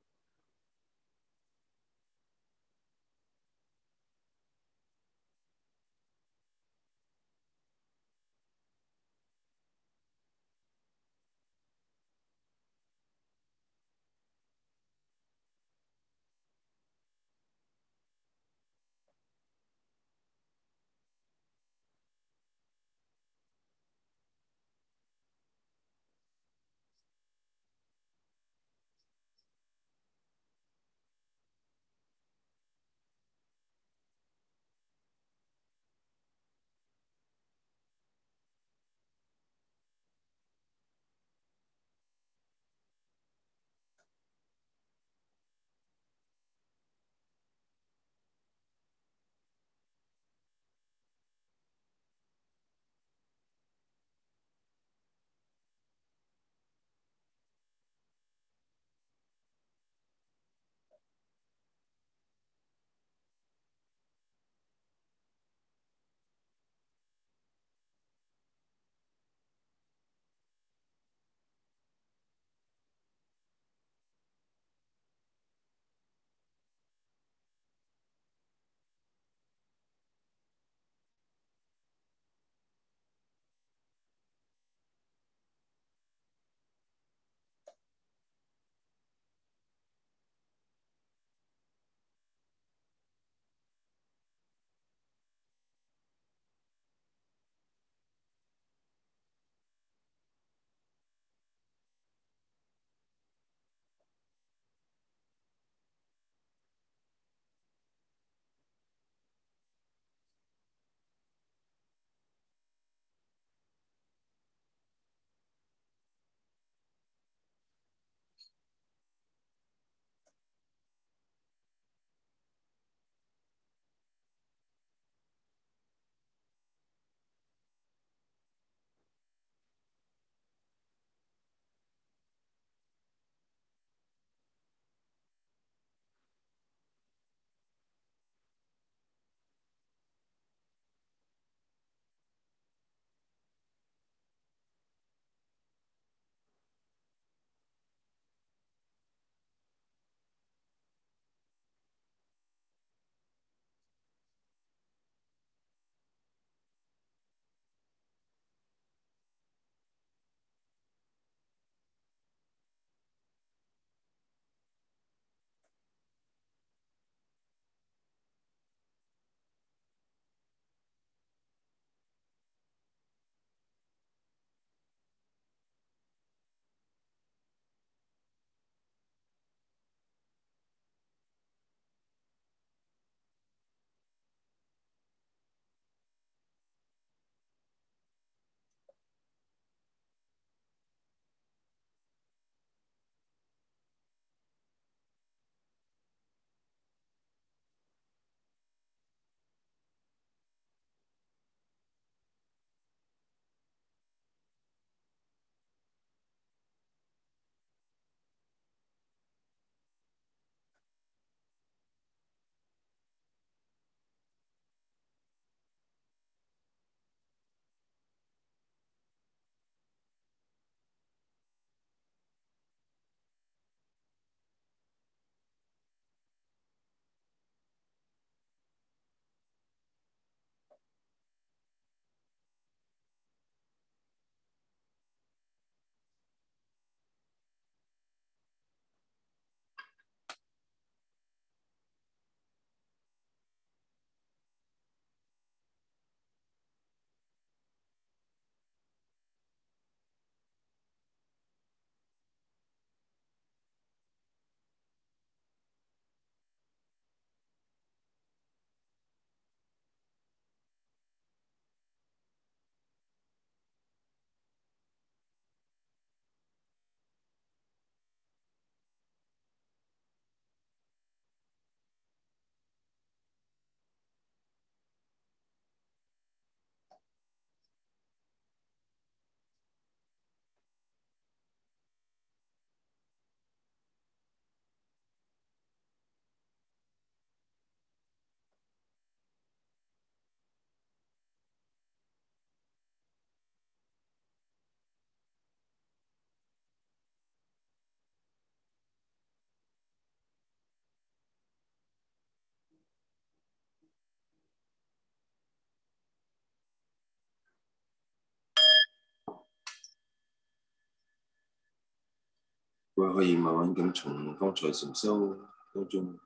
佢可以慢慢咁從剛才禪修當中，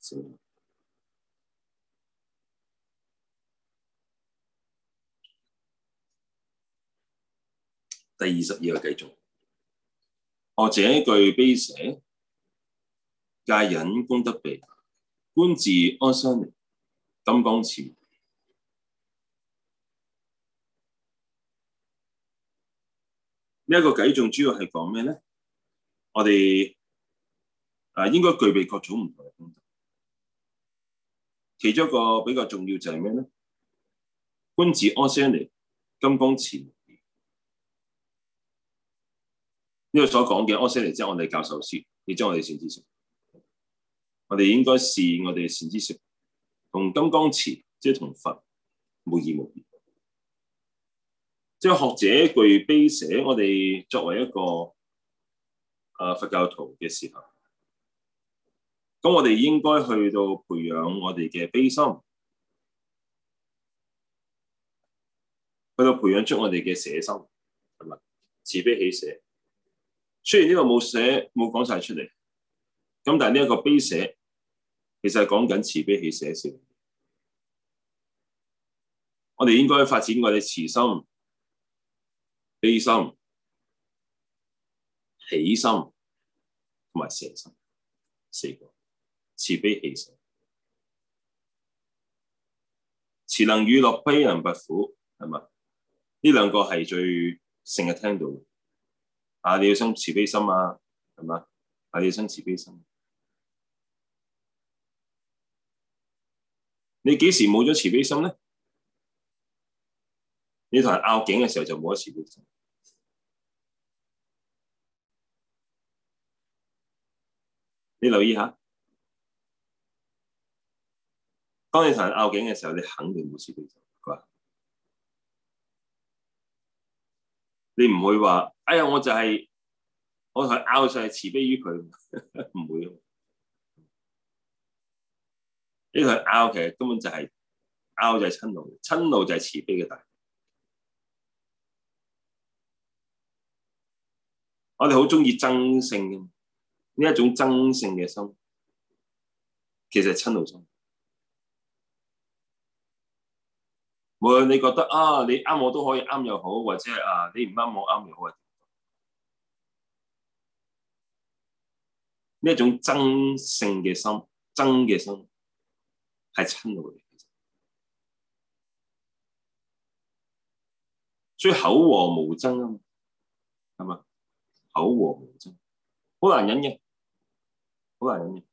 成第二十二個偈頌。學者具悲捨，戒忍功德備，觀自阿闍黎，金剛持，呢一個偈頌，仲主要係講咩咧？我哋啊，應該具備各種唔同嘅功德。其中一個比較重要就係咩咧？觀自阿闍黎，金剛持，呢個所講嘅阿闍黎即係、這個、我哋教授師，亦即係我哋善知識。我哋應該視我哋善知識，同金剛持即係同佛無二無別。即係學者具悲捨，我哋作為一個。啊！佛教徒嘅時候，咁我哋應該去到培養我哋嘅悲心，去到培養足我哋嘅捨心，係咪？慈悲喜捨。雖然呢個冇寫冇講晒出嚟，咁但係呢一個悲捨，其實係講緊慈悲喜捨先。我哋應該發展我哋慈心、悲心。喜心同埋捨心，四個慈悲喜捨，慈能與樂，悲能拔苦，係嘛？呢兩個係最成日聽到嘅啊，你要生慈悲心啊，係嘛？啊，你要生慈悲心。你幾時冇咗慈悲心咧？你同人拗頸嘅時候就冇咗慈悲心。你留意下，當你同人拗頸嘅時候，你肯定冇慈悲心，係嘛？你唔會話：哎呀，我就係、是、我同佢拗，就係慈悲於佢，唔會。呢個拗其實根本就係、是、拗就係親路，親怒就係慈悲嘅大。我哋好中意爭勝嘅。呢一種爭勝嘅心，其實係親路心。無論你覺得啊，你啱我都可以啱又好，或者係啊，你唔啱我啱又好。呢一種爭勝嘅心、爭嘅心，係親路嚟。所以口和無爭啊嘛，係嘛？口和無爭，好難忍嘅。好難忍嘅，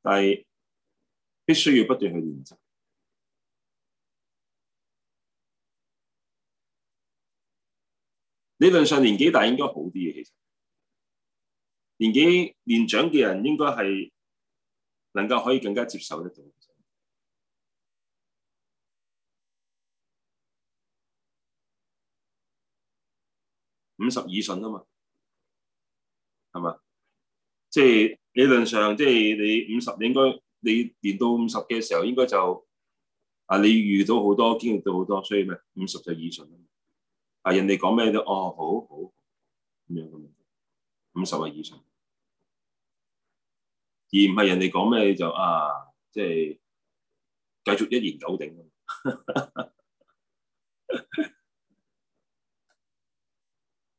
但係必須要不斷去練習。理論上年紀大應該好啲嘅，其實年紀年長嘅人應該係能夠可以更加接受得到。五十以上啊嘛，係嘛？即係理論上，即係你五十，你應該你年到五十嘅時候，應該就啊，你遇到好多，經歷到好多，所以咩五十就以上啊，人哋講咩都哦，好好咁樣咁五十啊以上，而唔係人哋講咩就啊，即係繼續一言九鼎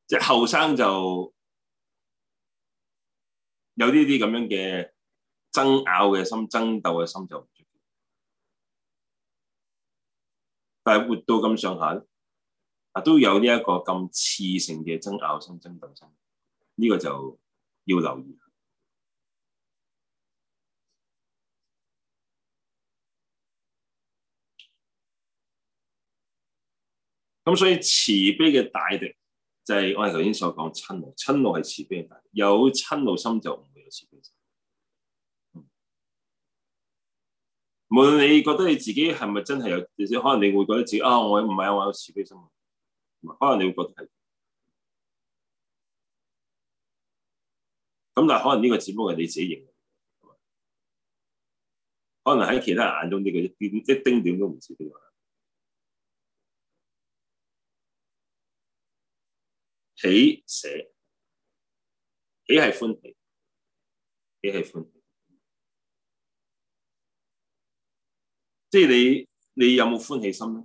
即係後生就。有呢啲咁樣嘅爭拗嘅心、爭鬥嘅心就唔出奇，但係活到咁上下，啊都有呢一個咁刺性嘅爭拗心、爭鬥心，呢個就要留意。咁所以慈悲嘅大敵就係我哋頭先所講親怒，親怒係慈悲嘅大敵，有親怒心就。慈悲心。嗯，無論你覺得你自己係咪真係有，可能你會覺得自己啊，我唔係啊，我有，有慈悲心啊，可能你會覺得係。咁但係可能呢個只不過係你自己認為，可能喺其他人眼中呢，這個一丁點都唔慈悲。喜捨，喜係歡喜。幾喜，喜歡喜，即係你，你有冇歡喜心咧？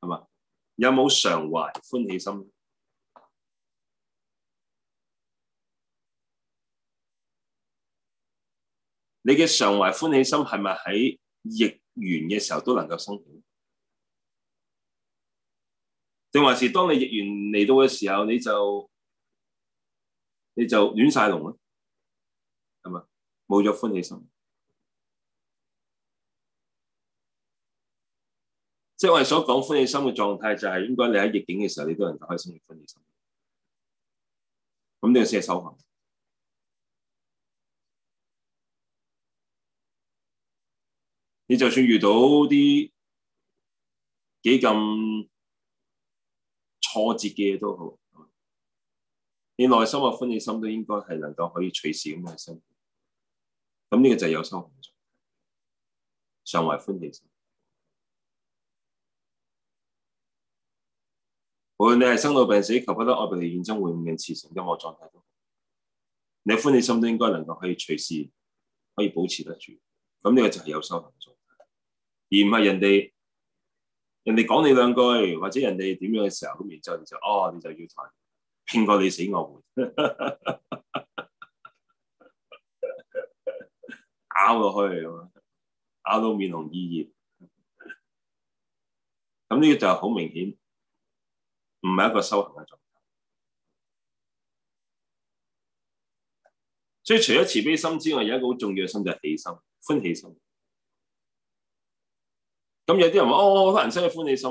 係嘛？有冇常懷歡喜心？你嘅常懷歡喜心係咪喺逆緣嘅時候都能夠生起？定還是當你逆緣嚟到嘅時候，你就你就亂晒龍啊？冇咗歡喜心，即係我哋所講歡喜心嘅狀態，就係應該你喺逆境嘅時候，你都能夠開心嘅歡喜心。咁你先係修行。你就算遇到啲幾咁挫折嘅嘢都好，你內心嘅歡喜心都應該係能夠可以隨時咁開心。咁呢個就係有修習，常懷歡喜心。無論你係生老病死、求不得、愛別離、怨憎會、五蘊熾盛、任何狀態都好，你歡喜心都應該能夠可以隨時可以保持得住。咁呢個就係有修習，而唔係人哋人哋講你兩句或者人哋點樣嘅時候，咁然之後你就哦你就要財，拼過你死我活。 拗到去，拗到面紅耳熱，咁呢個就係好明顯，唔係一個修行嘅狀態。所以除咗慈悲心之外，有一個好重要嘅心就係喜心、歡喜心。咁有啲人話：哦，我好難生起歡喜心，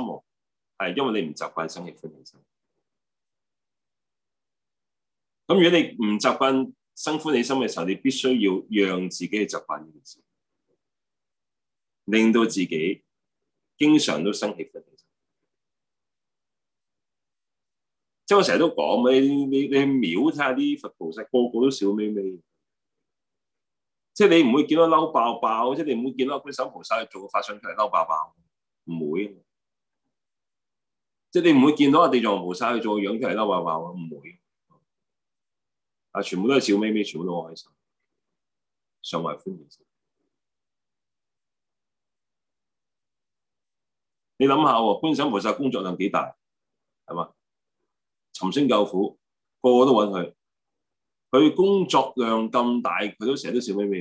係因為你唔習慣生起歡喜心。咁如果你唔習慣，生歡喜心嘅時候，你必須要讓自己去習慣呢件事，令到自己經常都生起佛性。即係我成日都講，你你你，你瞄睇下啲佛菩薩個個都笑眯眯。即係你唔會見到嬲爆爆，即係你唔會見到觀世菩薩做個法相出嚟嬲爆爆，唔會、啊。即係你唔會見到阿地藏菩薩做個樣出嚟嬲爆爆，唔會、啊。啊！全部都係笑眯眯，全部都好開心，上圍歡迎你。諗下喎，觀音菩薩工作量幾大，係嘛？尋聲救苦，個個個都揾佢。佢工作量咁大，佢都成日都笑眯眯，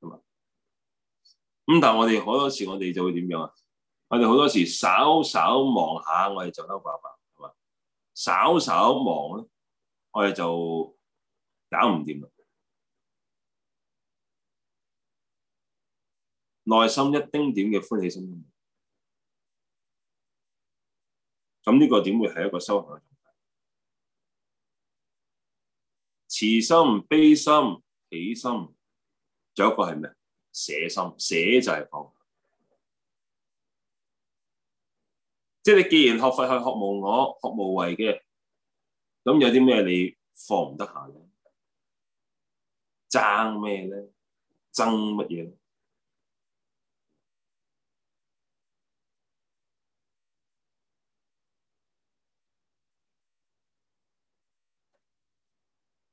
係嘛？咁但係我哋好多時，我哋就會點樣啊？我哋好多時，稍稍忙下，我哋就嬲爆爆，係嘛？稍稍忙咧。我哋就搞唔掂啦！內心一丁點嘅歡喜心都冇，咁呢個點會係一個修行嘅？慈心、悲心、喜心，仲有一個係咩？捨心，捨就係放下。即係你既然學佛係學無我、學無為嘅。咁有啲咩你放唔得下咧？爭咩咧？爭乜嘢咧？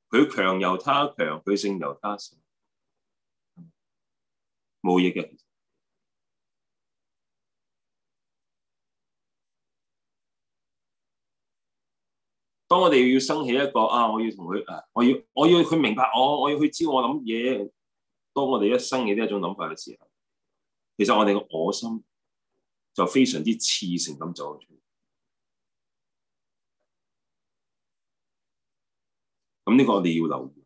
佢強由他強，佢勝由他勝，冇益嘅。嗯當我哋要生起一個啊，我要同佢誒，我要我要佢明白我，我要佢知我諗嘢。當我哋一生起呢一種諗法嘅時候，其實我哋嘅我心就非常之熾盛咁走咗出嚟。咁呢個我哋要留意。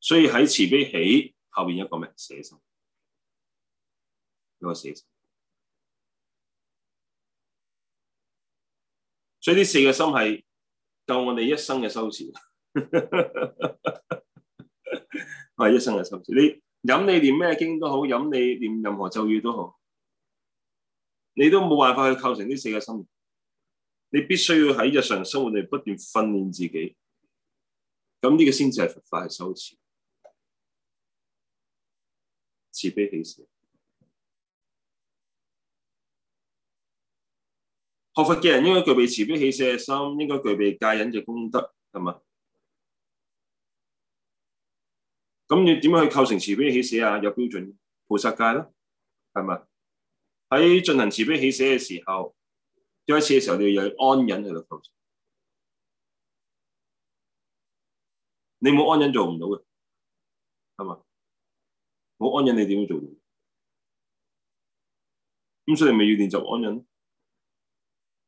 所以喺慈悲起後邊一個咩？捨心，一個捨心。所以呢四個心係救我哋一生嘅修持，係 一生嘅修持。你飲你念咩經都好，飲你念任何咒語都好，你都冇辦法去構成呢四個心。你必須要喺日常生活裏不斷訓練自己，咁呢個先至係佛法嘅修持，慈悲喜捨。學佛嘅人應該具備慈悲喜捨嘅心，應該具備戒忍嘅功德，係嘛？咁你點樣去構成慈悲喜捨啊？有標準菩薩戒咯，係咪？喺進行慈悲喜捨嘅時候，一開始嘅時候你要有安忍喺度構成，你冇安忍做唔到嘅，係嘛？冇安忍你點樣做到？咁所以咪要練習安忍。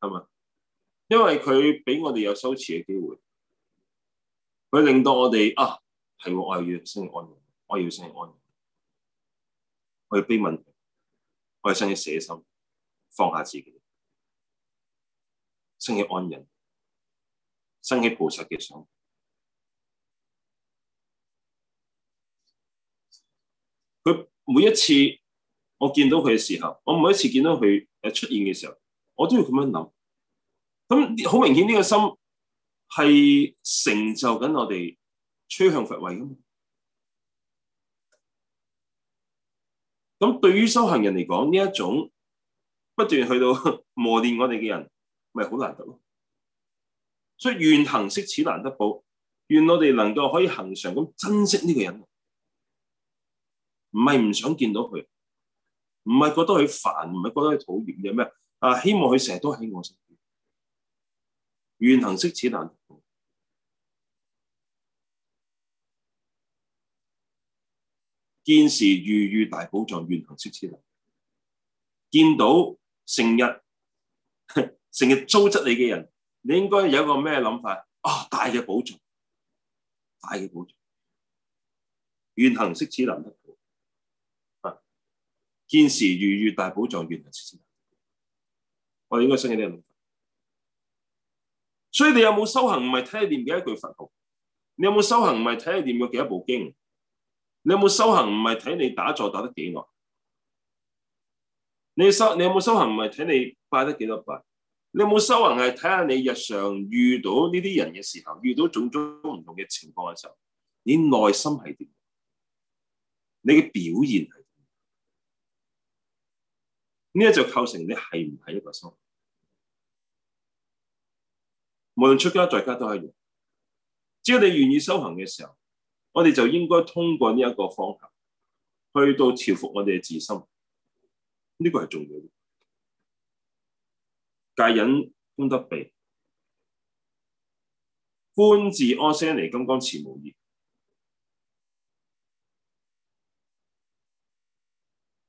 係咪？因為佢俾我哋有修持嘅機會，佢令到我哋啊，係我又要生起安忍，我要生起安忍，我要悲憫，我要生起捨心，放下自己，生起安忍，生起菩薩嘅心。佢每一次我見到佢嘅時候，我每一次見到佢誒出現嘅時候。我都要咁樣諗，咁好明顯呢個心係成就緊我哋趨向佛位噶嘛。咁對於修行人嚟講，呢一種不斷去到磨練我哋嘅人，咪好難得咯。所以願行識此難得寶，願我哋能夠可以恆常咁珍惜呢個人，唔係唔想見到佢，唔係覺得佢煩，唔係覺得佢討厭嘅咩？啊！希望佢成日都喺我身邊。願行識此難得，見時如遇大寶藏，願行識此難。見到成日成日糟質你嘅人，你應該有一個咩諗法？啊！大嘅寶藏，大嘅寶藏，願行識此難得。啊！見時如遇大寶藏，藏，願行識此難得。啊我應該升起呢個諗法，所以你有冇修行唔係睇你念幾多句佛號，你有冇修行唔係睇你念過幾多部經，你有冇修行唔係睇你打坐打得幾耐，你修你有冇修行唔係睇你拜得幾多拜，你有冇修行係睇下你日常遇到呢啲人嘅時候，遇到種種唔同嘅情況嘅時候，你內心係點，你嘅表現。呢就構成你係唔係一個修行，無論出家在家都係一樣。只要你願意修行嘅時候，我哋就應該通過呢一個方向，去到調服我哋嘅自心，呢、這個係重要嘅。戒忍功德備，觀自阿闍黎，金剛持無異。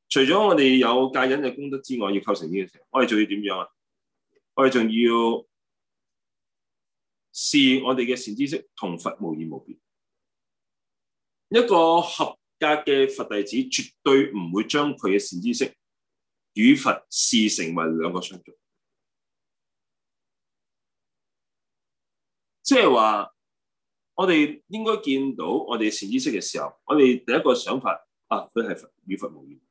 除咗我哋有戒忍嘅功德之外，要構成呢件事，我哋仲要點樣啊？我哋仲要視我哋嘅善知識同佛無二無別。一個合格嘅佛弟子絕對唔會將佢嘅善知識與佛視成為兩個相續。即係話，我哋應該見到我哋善知識嘅時候，我哋第一個想法啊，佢係佛與佛無二。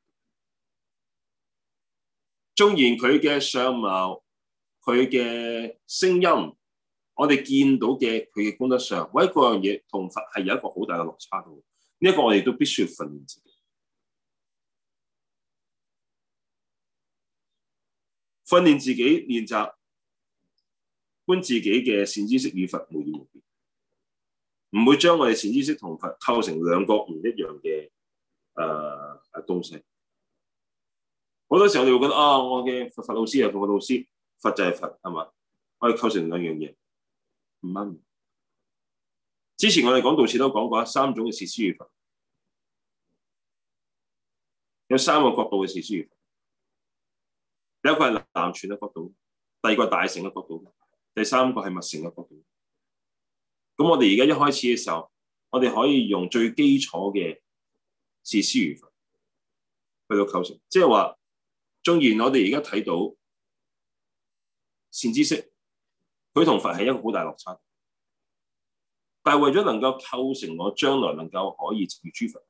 縱然佢嘅相貌、佢嘅聲音、我哋見到嘅佢嘅功德上，或者嗰樣嘢同佛係有一個好大嘅落差度。呢、這、一個我哋都必須要訓練自己，訓練自己練習觀自己嘅善知識與佛無二無別，唔會將我哋善知識同佛構成兩個唔一樣嘅誒啊東西。好多時候你會覺得啊、哦，我嘅佛佛老師啊，佛嘅老師佛就係佛，係嘛？可以構成兩樣嘢，唔啱。之前我哋講到處都講過，三種嘅視師如佛，有三個角度嘅視師如佛，第一個係南傳嘅角度，第二個係大乘嘅角度，第三個係密乘嘅角度。咁我哋而家一開始嘅時候，我哋可以用最基礎嘅視師如佛去到構成，即係話。縱然，我哋而家睇到善知識，佢同佛係一個好大落差。但係為咗能夠構成我將來能夠可以直接諸佛，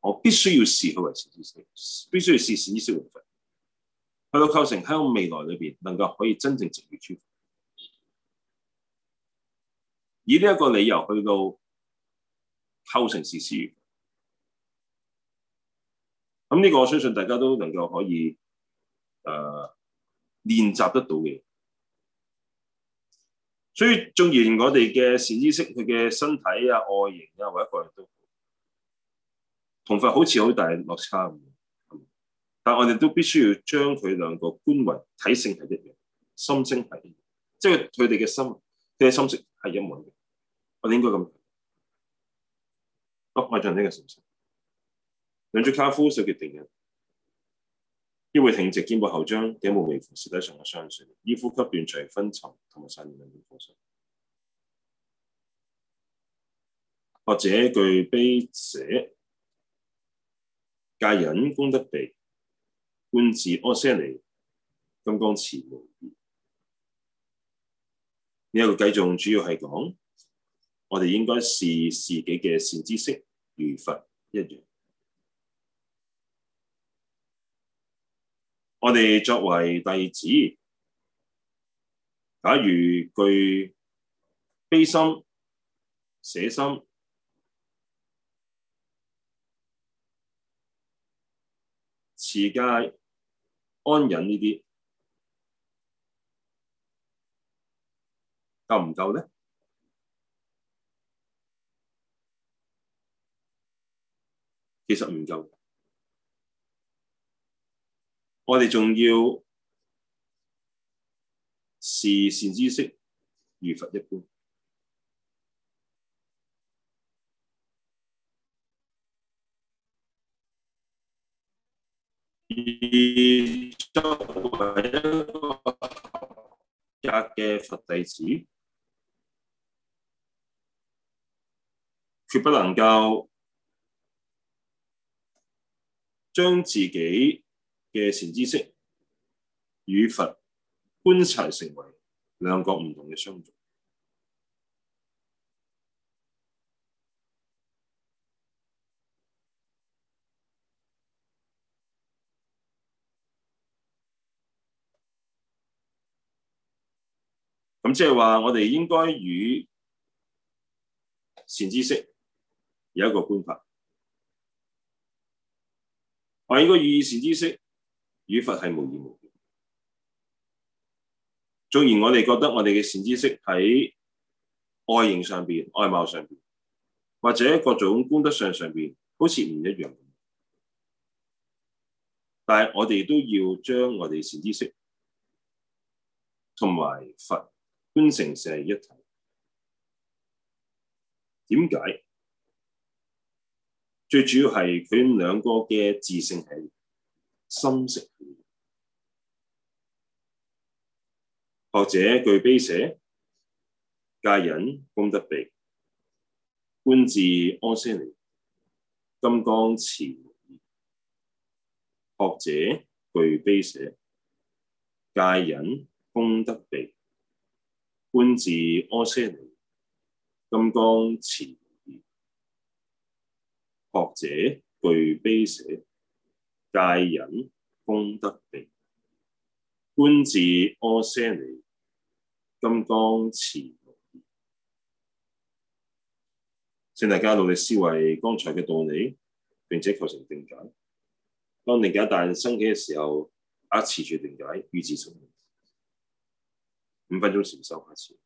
我必須要視佢為善知識，必須要視善知識為佛，去到構成喺未來裏面，能夠可以真正直接諸佛。以呢一個理由去到構成事師，咁呢個我相信大家都能夠可以。誒，練習得到嘅，所以縱然我哋嘅善知識佢嘅身體啊、外形啊或者個人都同佛好似好大落差咁，但係我哋都必須要將佢兩個觀為體性係一樣，心性係一樣，即係佢哋嘅心嘅心性係一模一樣我哋應該咁，我咪呢、哦、個信心，兩隻卡夫，就決定嘅。依會挺直肩膊後張，眼部微瞓，身體上嘅雙線，依呼吸斷除分層同埋散亂嘅方式。學者具悲捨，戒忍功德備，觀自阿闍黎，金剛持無異。呢一個偈頌主要係講，我哋應該視自己嘅善知識如佛一樣。我哋作為弟子，假如具悲心、捨心、持戒、安忍夠夠呢啲，夠唔夠咧？其實唔夠。我哋仲要視善知識如佛一般，而作為一個合格嘅佛弟子，決不能夠將自己。嘅善知識與佛觀察成為兩個唔同嘅相組，咁即係話我哋應該與善知識有一個觀法，我應該與善知識。與佛係無二無別，縱然我哋覺得我哋嘅善知識喺外形上邊、外貌上邊，或者各種觀德上上邊好似唔一樣，但係我哋都要將我哋善知識同埋佛觀成係一體。點解？最主要係佢兩個嘅自性係。心識了，學者具悲捨，戒忍功德備，觀自阿闍黎，金剛持。學者具悲捨，戒忍功德備，觀自阿闍黎，金剛持。學者具悲捨。戒忍功德備，觀自阿闍黎，金剛持。請大家努力思維剛才嘅道理，並且構成定解。當定解大生起嘅時候，啊持住定解，如治所病。五分鐘前收一次。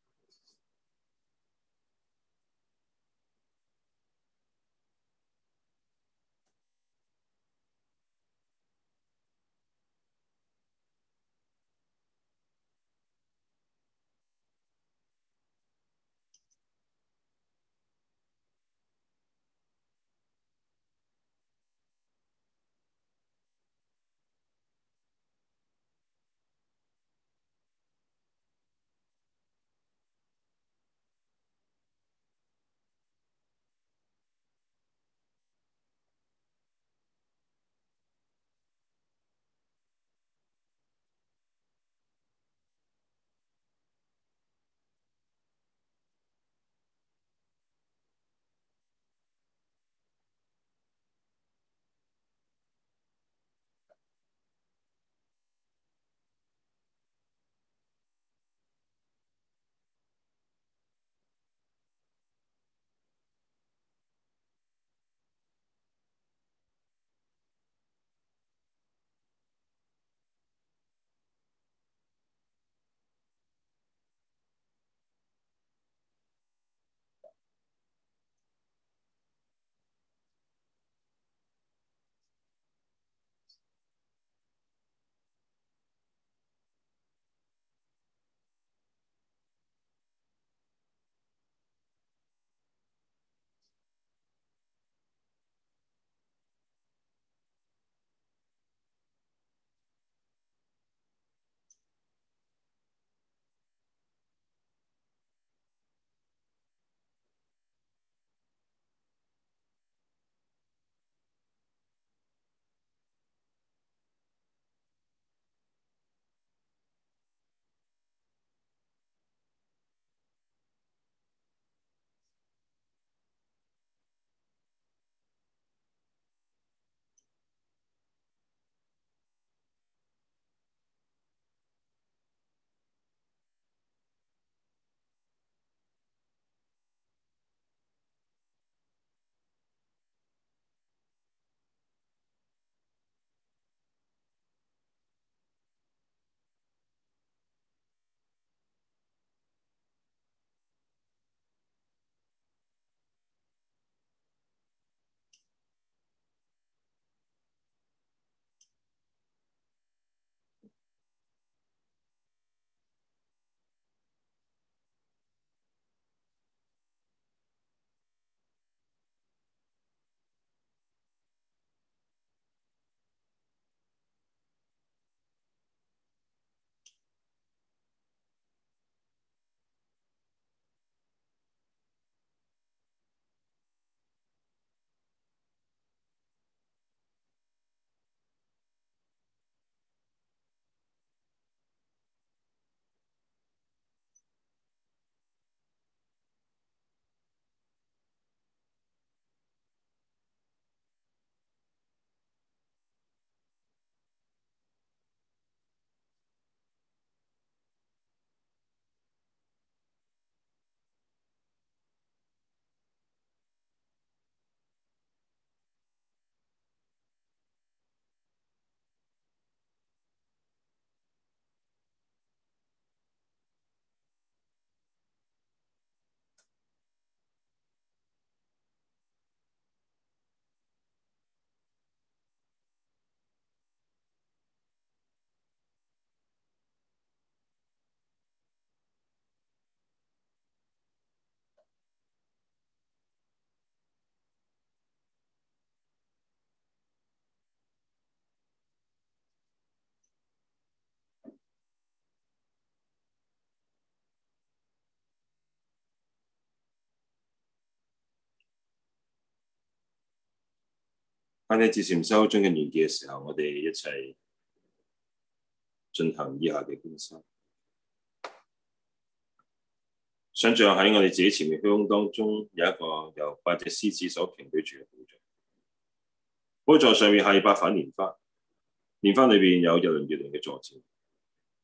喺你自禪修中嘅年節嘅時候，我哋一齊進行以下嘅觀修。想象喺我哋自己前面虛空當中有一個由八隻獅子所平舉住嘅寶座，寶座上面係八瓣蓮花，蓮花裏邊有一輪月輪嘅坐墊，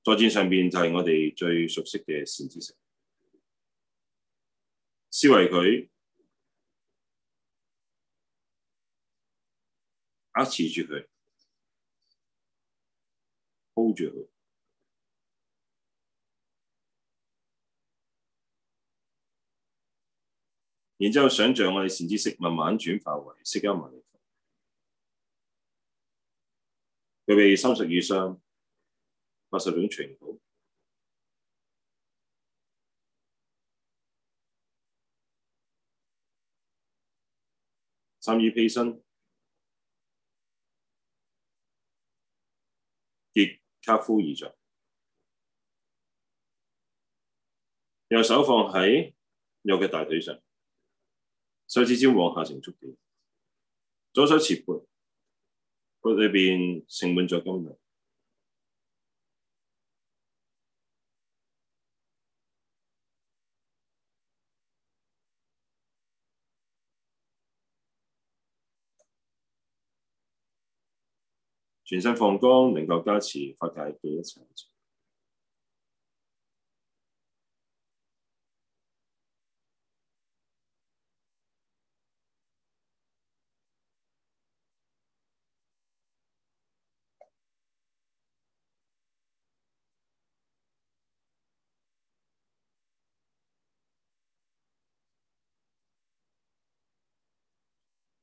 坐墊上邊就係我哋最熟悉嘅善知識，思維佢。把持住佢，hold 住佢，然之後想像我哋善知識慢慢轉化為釋迦牟尼佛。佢哋三十二相，八十種全好，三如皮身。結跏趺而坐，右手放喺右嘅大腿上，手指尖往下呈觸點，左手持缽，缽裏面盛滿着甘露。全身放光，能夠加持，法界嘅一齊做。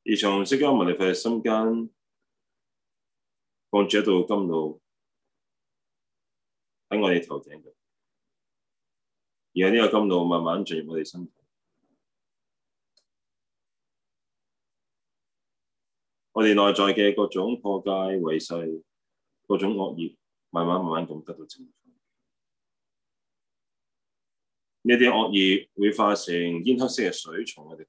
而從釋迦牟尼佛嘅心間。放著一道金路喺我哋頭頂度，而係呢個金路慢慢進入我哋身體，我哋內在嘅各種破戒違誓、各種惡業，慢慢慢慢咁得到淨化。呢啲惡業會化成煙黑色嘅水從我哋。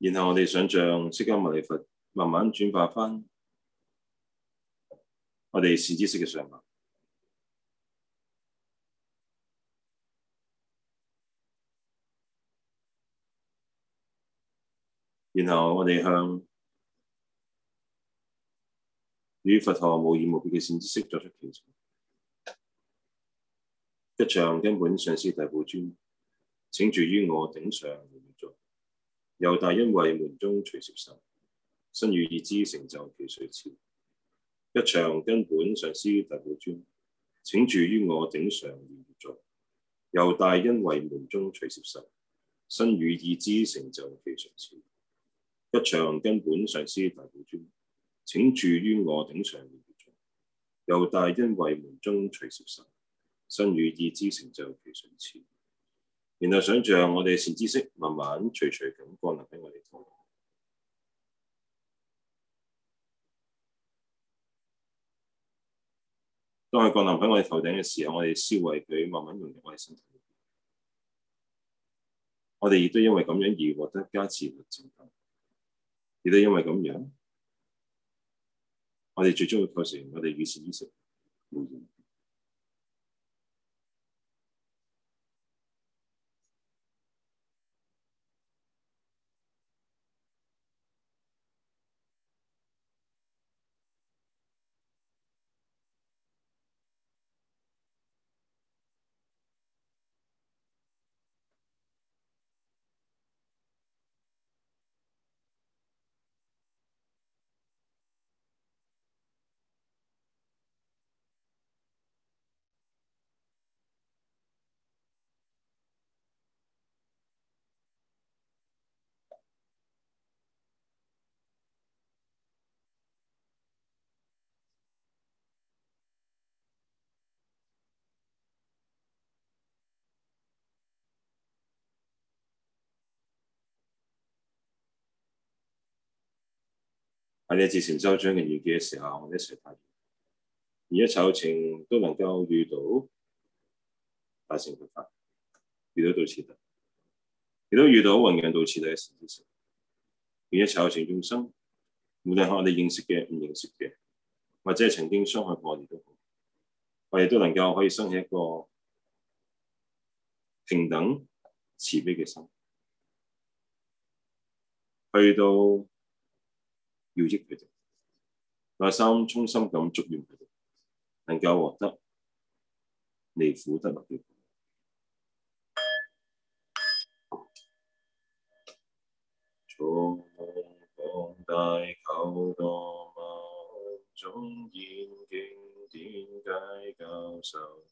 然後我哋想像釋迦牟尼佛慢慢轉化翻我哋善知識嘅相貌，然後我哋向與佛陀無二無別嘅善知識作出祈請，一唱根本上師大寶尊請住於我頂上。由大恩惠門中隨攝受，身語意之成就祈垂賜。一唱根本上師大寶尊，請住於我頂上而住。由大恩惠門中隨攝受，身語意之成就祈垂賜。一唱根本上師大寶尊，請住於我頂上而住。由大恩惠門中隨攝受，身語意之成就祈垂賜。然後想像我哋嘅善知識慢慢徐徐咁降臨喺我哋頭。當佢降臨喺我哋頭頂嘅時候，我哋思維佢慢慢融入我哋身體。我哋亦都因為咁樣而獲得加持同成就。亦都因為咁樣，我哋最終會變成我哋善知識。嗯喺你之前收章嘅預計嘅時候，我哋一齊排。而一切有情都能夠遇到大乘佛法，遇到道次第，亦都遇到雲樣道次第嘅事情。而一切有情用心，無論係我哋認識嘅、唔認識嘅，或者係曾經傷害過我哋都好，我哋都能夠可以生起一個平等慈悲嘅心，去到。要益佢哋，耐心、衷心咁祝願佢哋，能夠獲得離苦得樂了。鐘聲在敲動，萬種演經典解教授，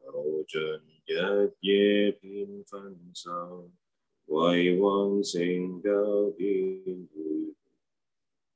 流盡日夜遍分愁，為望成就便回。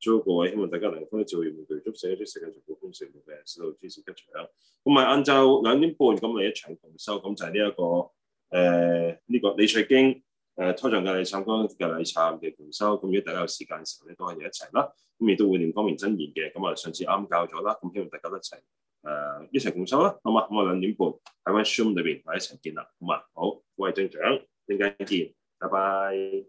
祝各位，希望大家能夠多啲注具面對一啲世界傳播風水病，少到支持吉祥。咁咪晏晝兩點半咁咪一場共修，咁就係呢一個誒呢個李翠經誒拖長嘅李參剛嘅李參嘅共修。咁如果大家有時間嘅時候咧，都係一齊啦。咁亦都會念光明真言嘅。咁啊上次啱教咗啦，咁希望大家一齊誒、呃、一齊共修啦。好嘛，咁啊兩點半喺個 Zoom 裏邊，大家一齊見啦。好嘛，好，各位正長，陣間見，拜拜。